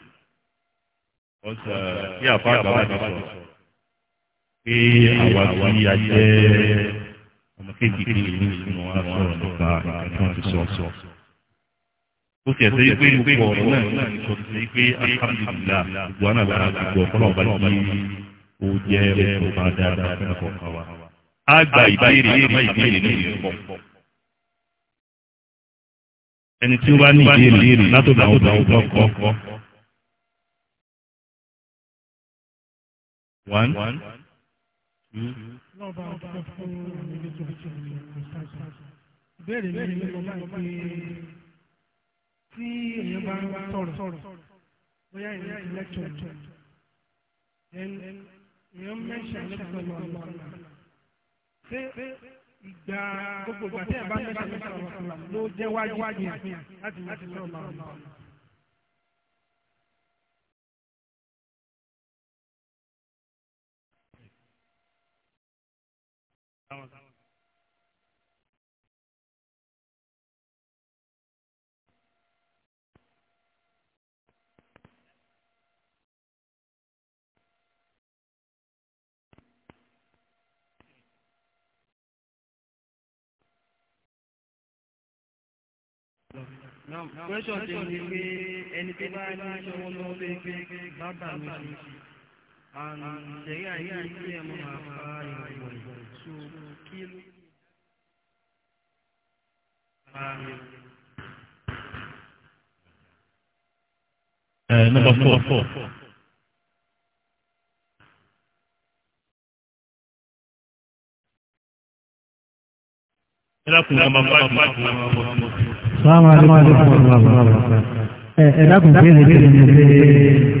ọ̀sà tí àfa àgbàlá ti sọ pé àwa tí a jẹ́ ọmọ kéékèèké ìlú ìlú wa sọ̀rọ̀ nípa ìtàn ti sọ. ó ti ẹ̀sẹ̀ yìí pé gbogbo ọ̀rọ̀ náà ní sọ ti pé akábíyìlá gbogbo àná lára gbogbo ọ̀pọ̀lọ̀ ọ̀bá yìí ó jẹ́ ẹ̀sùn bá dáadáa fún ẹ̀kọ́ kan wa. a gba ìbéèrè yìí ìbéèrè ní ìlú pọ̀. ẹni tí ó bá ní ìbéèrè látọ̀dọ̀ àwọn ọ̀dọ́ one. one. two. lọ́ba ọ̀dọ́ fún àwọn ilé tó fi ṣe ìpèsè ìbéèrè mi ni mo máa ń pè é tí èèyàn bá ń sọ̀rọ̀ bóyá èèyàn ti lẹ́tọ̀ èèyàn mẹ́ṣà lẹ́tọ̀ lọ́wọ́ ṣé ìgbà gbogbo ìgbà tí ẹ̀ bá mẹ́ṣà lẹ́tọ̀ lọ́wọ́ ló jẹ́ wájú wájú láti láti sọ̀rọ̀ lọ́wọ́. Now, question ti ní pé ẹni tó bá ní ṣọwọ́ lọ́wọ́ pé bàbá mi ṣe é ṣe. and ṣẹ̀yà yìí tí ẹ mọ́ máa fa ìwọ̀n tó kí ló Number four. four. Salaam alaikum warahmatullahi wabarakatuh. Ẹ dákun bẹ́ẹ̀ ni bẹ́ẹ̀ ni bẹ́ẹ̀.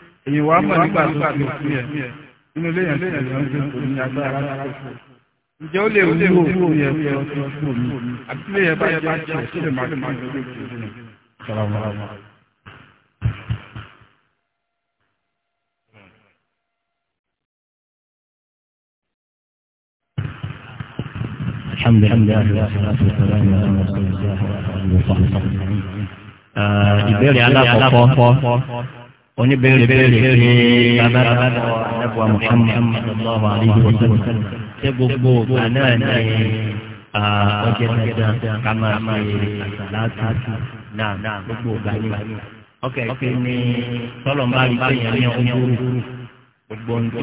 èyí wàá mọ̀ nígbà tó fi òfin ẹ̀ nínú ilé yẹn tí èèyàn ń gbé kò ní agbára lásìkò ǹjẹ́ ó lè wúlò fún mi ẹ̀ fún ọtí fún mi àti ilé yẹn bá jẹ́ àti ẹ̀ sílẹ̀ máa máa lórí òkè mi. الحمد لله والصلاة والسلام على رسول الله وعلى آله وصحبه أجمعين. ìbéèrè alákọ̀ọ́kọ́ Oni bèrè pé bàbá bàbá àdàbọ̀ Muhammad sallallahu alayhi wa sallam ṣé gbogbo ògbà náà ní ọjọ́ dandan ká máa ṣe àṣàlátì náà gbogbo ògbà ní. ọkẹ́ ìpè ní sọ́lọ́mbà ìpè yẹn ní ọdún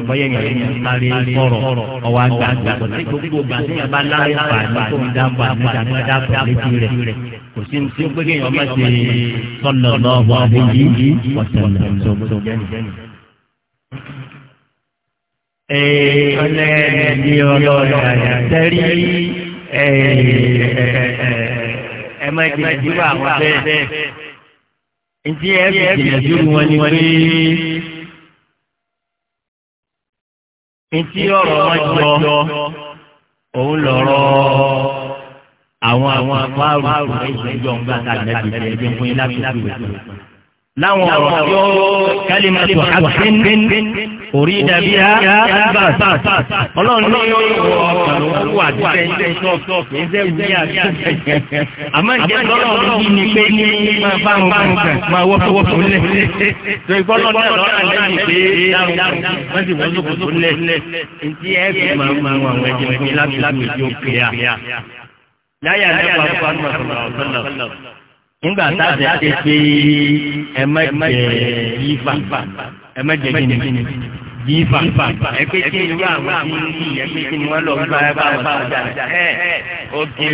bọ́yẹ̀ yẹn ń sáré sọ̀rọ̀ ọwọ́ àgbàgbà tí gbogbo gbàdéyà bá láyé fàánù tó ń dáàbò àmúta ní dáàbò létí rẹ̀ kò sí ní pé kéèyàn má ṣe sọ̀lọ̀ lọ́wọ́ àbẹ̀yí ọ̀sẹ̀lẹ̀ sọ̀gbọ̀n. Ee ọlẹ́ ní ọlọ́ọ̀yà tẹ́rí ẹ̀ẹ́dẹ̀ẹ́dẹ̀ ẹ̀ẹ́dẹ̀ẹ́dẹ̀ ẹ̀ẹ́dẹ̀ẹ́dẹ̀ ẹ̀ẹ́dẹ̀ẹ́dẹ̀ ntí ọ̀rọ̀ wọn jọ òun lọ̀rọ̀ àwọn àwọn afárò ìṣòro ìjọ ń gbà ká nẹ́bí ẹbí ń fún yín láti ṣùgbọ́n. láwọn ọ̀rọ̀ yóò kálí máa tó àbùkù orí dàbí á bá ọlọ́run ní ọkàn ló wà díẹ̀ iṣẹ́ ṣọ́ọ̀kì ẹ̀ṣẹ́ ìwé àgbẹ̀. àmọ́ ìjẹ́ tọ́lọ́run yìí ni pé ní máa bá ń bá ń kàn máa wọ́pọ̀wọ́pọ̀ lẹ̀. tó ìfọ́lọ́ náà lọ́rọ̀ lẹ́yìn pé dáhùn dáhùn wọ́n sì wọ́n sókòtò lẹ̀. ntí ẹ fi máa máa wọ àwọn ẹ̀jẹ̀ mi láti láti ojú òkè à. láyà lẹ́wọ̀ àwọn nígbà tá a tẹ̀ ṣe pé ẹ má jẹ yífa ẹ má jẹ gíní jífà ẹgbẹ́ tí ìlú àwọn tí ẹgbẹ́ tí wọ́n lọ bá bá bá ọjà ẹ̀ ókè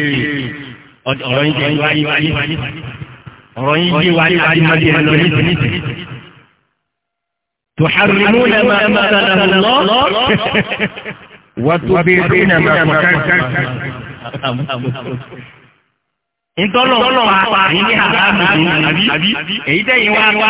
ọ̀rọ̀ yín jẹ́ wáyé wáyé ọ̀rọ̀ yín jẹ́ wáyé wáyé wáyé ẹ̀ lọ nítorí. تحرمون ما أمرنا الله وتبيعون ما قتلتم ìtọ́lọ̀ pa àyíní àlámù àbí èyí tẹ̀yìn wá wá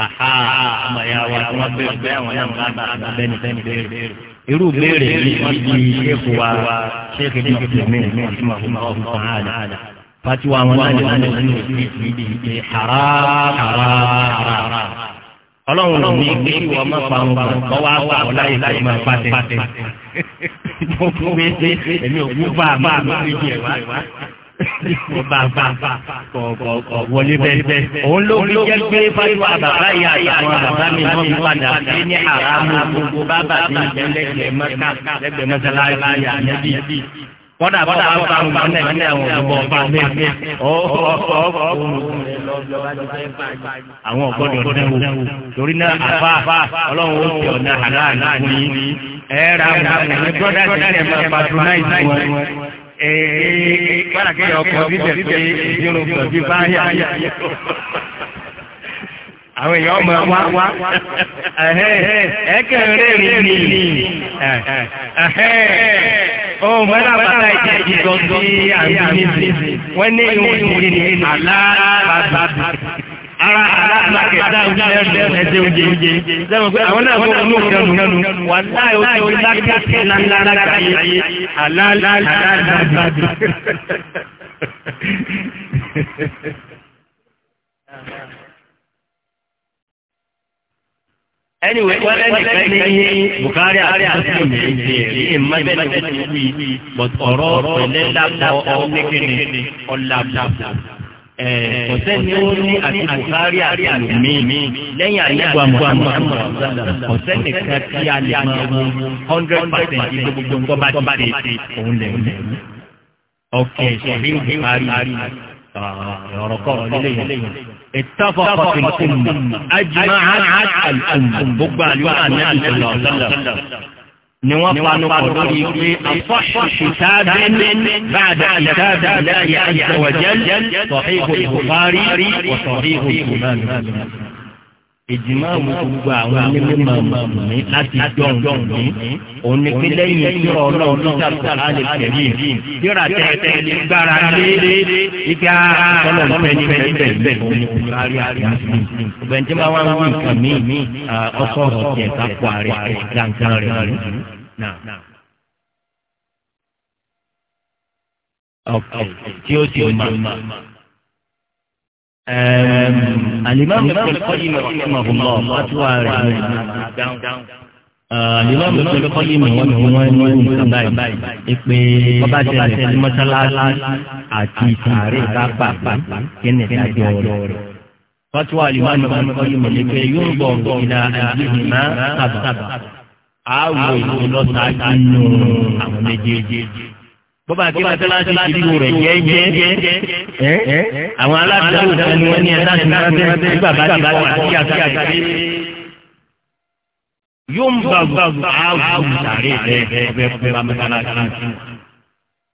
aha ọmọ ya wa tí wọ́n bẹ̀rẹ̀ bẹ́ẹ̀ àwọn náà máa bá àgbà bẹ́ẹ̀ nìkan bẹ́ẹ̀ irú béèrè yìí wọ́n ti ṣéèkù wa ṣéèkù ní ọ̀sẹ̀mí ọ̀sẹ̀mí ọ̀sẹ̀mí fatiwa wọn náà lè lọ sí ìdí ìdí hara hara hara ọlọ́run ló ní pé kí wọ́n máa fa àwọn kan kọ́ wá fà wọ́n láyé láyé máa fa tẹ̀. mo fún mi pé èmi ò kú bá a máa lórí ìjẹ́ wa ọba àgbà kọ̀ wọlé bẹ́ẹ̀. òun ló fi jẹ́ pé fáwọn bàbá yìí àtàwọn bàbá mi náà ń padà sí ní àràmù gbogbo bàbá mi lẹ́gbẹ̀ẹ́ mọ́ta lẹ́gbẹ̀ẹ́ mọ́ta láyé àyẹ̀bí. kọ́dà bọ́dà bá bá wọn náà ní àwọn ọ̀gbọ́n ọba mi. àwọn ọ̀gbọ́dọ̀ dẹ́wò torí náà àfa ọlọ́run ó ti ọ̀nà àlá àná ní ẹ̀ẹ́dà àwọn ọ̀gbọ́dọ̀ Bára Àwọn èèyàn ọmọ wa wá. Ẹ̀kẹ́ rẹ̀ rí ni. Ohun mẹ́ta bàtà ìjẹ́ ìjọ sí àmì níbi. Wọ́n ní ìwọ̀n ìwọ̀n ní àlá bàbà ara alákàkẹ́ dáhùn ẹsẹ̀ oúnjẹ àwọn náà fọwọ́ ní òkèlú wà láì ó ti lákàkẹ́ lánàá láyé Anyway, what is ní Bukari àti Muslim ní ìbéèrè ìmọ̀ ìmọ̀ ìmọ̀ ìwí, but ọ̀rọ̀ ọ̀rọ̀ lẹ́lá ọ̀ọ́ ní kíni kò sẹ́ni ó ní àti bukari àti lùmí lẹ́yìn àyẹ̀wò àmọ́ kò sẹ́ni kan tí a lè mọ hundred percent ibi gbogbo nǹkan bá ti ṣe òun lẹ̀ ń lẹ̀. ọkẹ ṣẹ̀rí bukari ọ̀rọ̀ kọ́ lélẹ́yìn. اتفقت الأمة أجمعت الأمة بقى الوعد النبي صلى الله عليه وسلم ni wọ́n panu lórí pé afọ́ṣù kìtàbẹ́ báadà kìtàbẹ́ láyé àjẹwàjẹ́ sọ̀híhù Bukhari wọ̀ sọ̀híhù ìmọ̀ ìjìmọ̀ àwọn gbogbo àwọn onímọ̀ mọ̀mí láti jọ̀hún jọ̀hún òun ni pé lẹ́yìn tí ọlọ́run ní sàbùkà lè tẹ̀lé yọ̀rọ̀ tẹ̀tẹ̀ lè gbára lé ìgbà ọlọ́run fẹ́ni fẹ́ni bẹ̀rẹ̀ òun ni kùkárí àti mùsùlùmí. ọ̀bẹ̀ni tí wọ́n wá ń wí nǹkan mí ah, ọ̀sọ̀rọ̀ tiẹ̀ kápọ̀ àrẹ gàǹgàn rẹ̀ tí ó ti mọ̀ alimami kọlẹkọyim rahimahulọ fatuwa rẹ alimami kọlẹkọyim wọn ni wọn ní nǹkan báyìí ipe bàbá tẹlẹ ní mọsálásí àti sàárè bàbà kíni dájọ rẹ fatuwa alimami kọlẹkọyim ni pé yóò bọ̀ ìlà àdìhìnà sábà àwọ̀ ìlú lọ́sàájú nù àwọn méjèèjì bọ́bá kí wọ́n tẹ́lá sí ìdíwò rẹ̀ jẹ́jẹ́ àwọn aláàbíyàwó kan ni wọ́n ní ẹ̀dá sí rántí nígbà bá ti wọ́n àti àtàkì yóò ń bá àwùjọ sàárè rẹ̀ ọbẹ̀ fún bá mọ́tálásí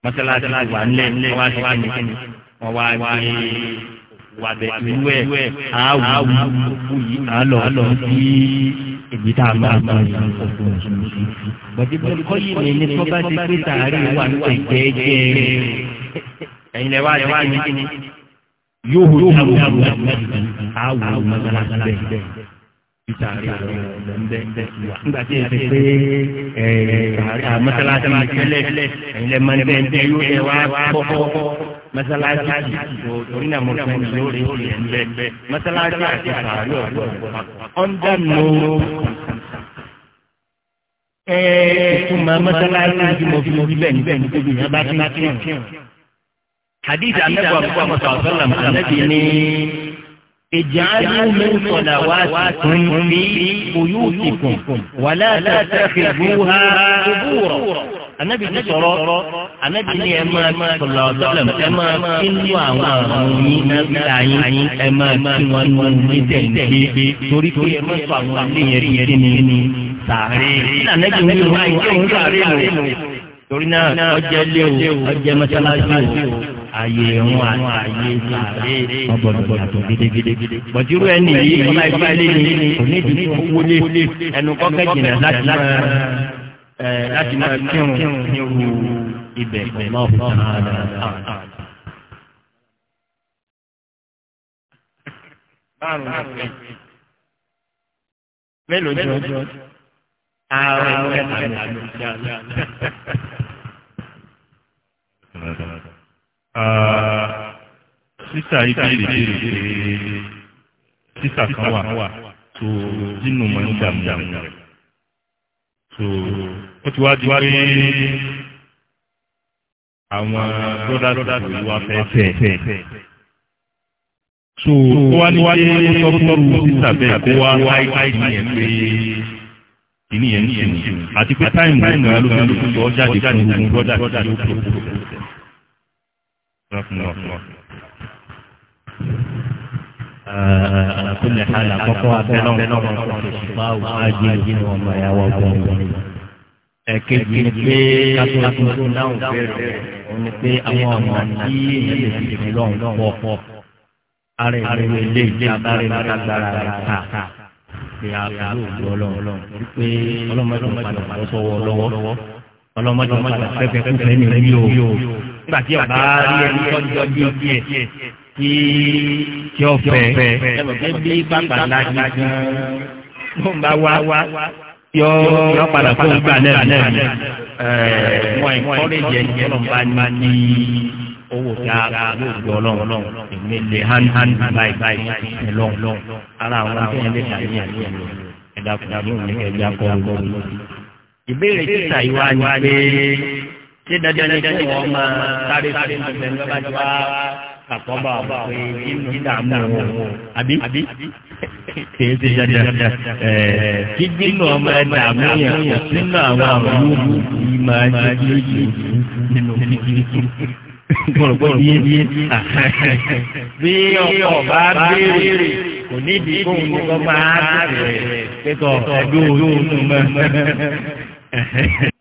mọ́tálásí wà ńlẹ̀ wọ́n wá sí kíni wọ́n wá sí wàbẹ̀ irú ẹ̀ á wù òkú yìí á lọ lọ sí èyí tá a máa ma yàn òkú mùsùlùmí. bọ̀débọ̀ kọ́ yìí mi ní tó bá ti pé sàárè wà ní ẹ̀jẹ̀ ẹ̀jẹ̀ ẹ̀yin lẹ́wà lẹ́wà ní kíni. yóò hu yóò hu àwọn àwọn àwọn àwọn àwọn àwọn àwọn àwọn àwọn àwọn ìtàrí ọ̀rọ̀ ńbẹ nígbà tí èsì pé mọ́sálásí tẹ́lẹ̀ ẹ̀yin lẹ́ẹ̀ máa ń bẹ́ẹ̀ bẹ́ẹ̀ yóò ṣe wá kọ́kọ́ mọ́sálásí torí náà mo fún mi lórí ìyẹ̀ ńbẹ mọ́sálásí àti ìtàrí ọ̀rọ̀ ọ̀ndà nù. ìtumọ̀ mọ́sálásí tí mo fi orí bẹ́ẹ̀ níbẹ̀ níbi tí ìyẹn bá ti ń kírun. hadith anabu abu abu sallam anabi ni. اجعلوا من صلواتكم في بيوتكم ولا تتخذوها قبورا النبي صلى النبي ni ẹ máa sọ̀rọ̀ ọ̀sọ̀lọ̀ ẹ máa kínú àwọn àrùn yín níta yín ẹ máa kí wọn nù ní tẹ̀lé torí pé ẹ máa sọ àwọn àléyẹrí yẹrí ni sàárè. ìlànàbí ń lò wáyé òun sàárè rẹ̀ torí náà ọjọ́ ilé o ọjọ́ mọ́sálásí o ààyè ìrún àtàyè sàárè ọgbọdọ yàtọ̀ gidigidi. bọ̀dúrú ẹni yìí ọba ìfẹ́ ilé ni kò ìdí tó wọlé ẹnu kọ́kẹ́ jìnnà láti máa láti máa kírun ní irú ibẹ̀ pẹ̀lú ọ̀hún mélòó jọjọ ààrẹ mẹ́ta mẹ́ta ló ń ṣe àná. sísà ibi ìbéèrè pé sísà kan wà tó dínú mọ̀ ń dàmú rẹ̀ tó ó ti wá di pé àwọn brọ́dá tó wá fẹ́ fẹ́ so ó wá ní wáyé sọ sísà bẹ́ẹ̀ kó wá láìpẹ́ yẹn pé ìní yẹn ń àti pé táìmù náà ló fi lóṣù tó jáde fún ogun brọ́dá tó yóò kúrò kúrò àkúnlẹ̀ hàn àkọ́kọ́ abẹ́lẹ́ ọ̀hún ṣùgbọ́n àwọn ajínigbé ni wọ́n máa yà wọ́n bọ̀ wọ́n. ẹ̀kejì ni pé kátólíkù náà bẹ̀rẹ̀ òun ni pé àwọn ọ̀nà tí èèyàn lè fi fi lọ́hùn pọ̀ ara ìlú ilé ilé abáre lágbára rẹ̀ ká pé a pẹ̀lú òbí ọlọ́run wípé ọlọ́mọdé ọmọdé ọmọdé sọ́wọ́ lọ́wọ́ ọlọ́mọdé ọmọdé fẹ́fẹ́ kúfẹ́ ní nígbà tí ọba rí ẹni tọ́jọ́ bí tiẹ̀ tí tí ó fẹ́ ẹ bí bàbá lájú gan ń bá wá yọ yọ padà fún gbà náà náà ni wọn ìkọ́rẹ́jì ẹni tí bá ní owó tí a lóògbé ọlọ́run èmi lè hàn hàn báyìí báyìí ní lọ́run ara àwọn tí wọ́n lè kà ní ẹ̀mí ẹ̀mí ẹ̀dá kùdà ní òun ní ẹ̀mí akọ́rọ̀ lọ́run. ìbéèrè títà yìí wá pé ṣé dandan ni kí wọ́n máa sáré sáré gbẹgbẹ nígbà tí wọ́n àkọ́bà pé inú dààmú òun àbí kìí ṣe dandan kí nínú ọmọ ẹ yẹn nínú àwọn àwọn olóòlù yìí máa ń ṣe yéèyè nínú kíkiri gbọ̀rọ̀gbọ̀rọ̀ bí bí ọkọ̀ bá béèrè kò nídìí kó ń kọ́ máa bẹ̀rẹ̀ pẹ̀tọ̀ ẹ̀dọ́ olóòlù mọ́.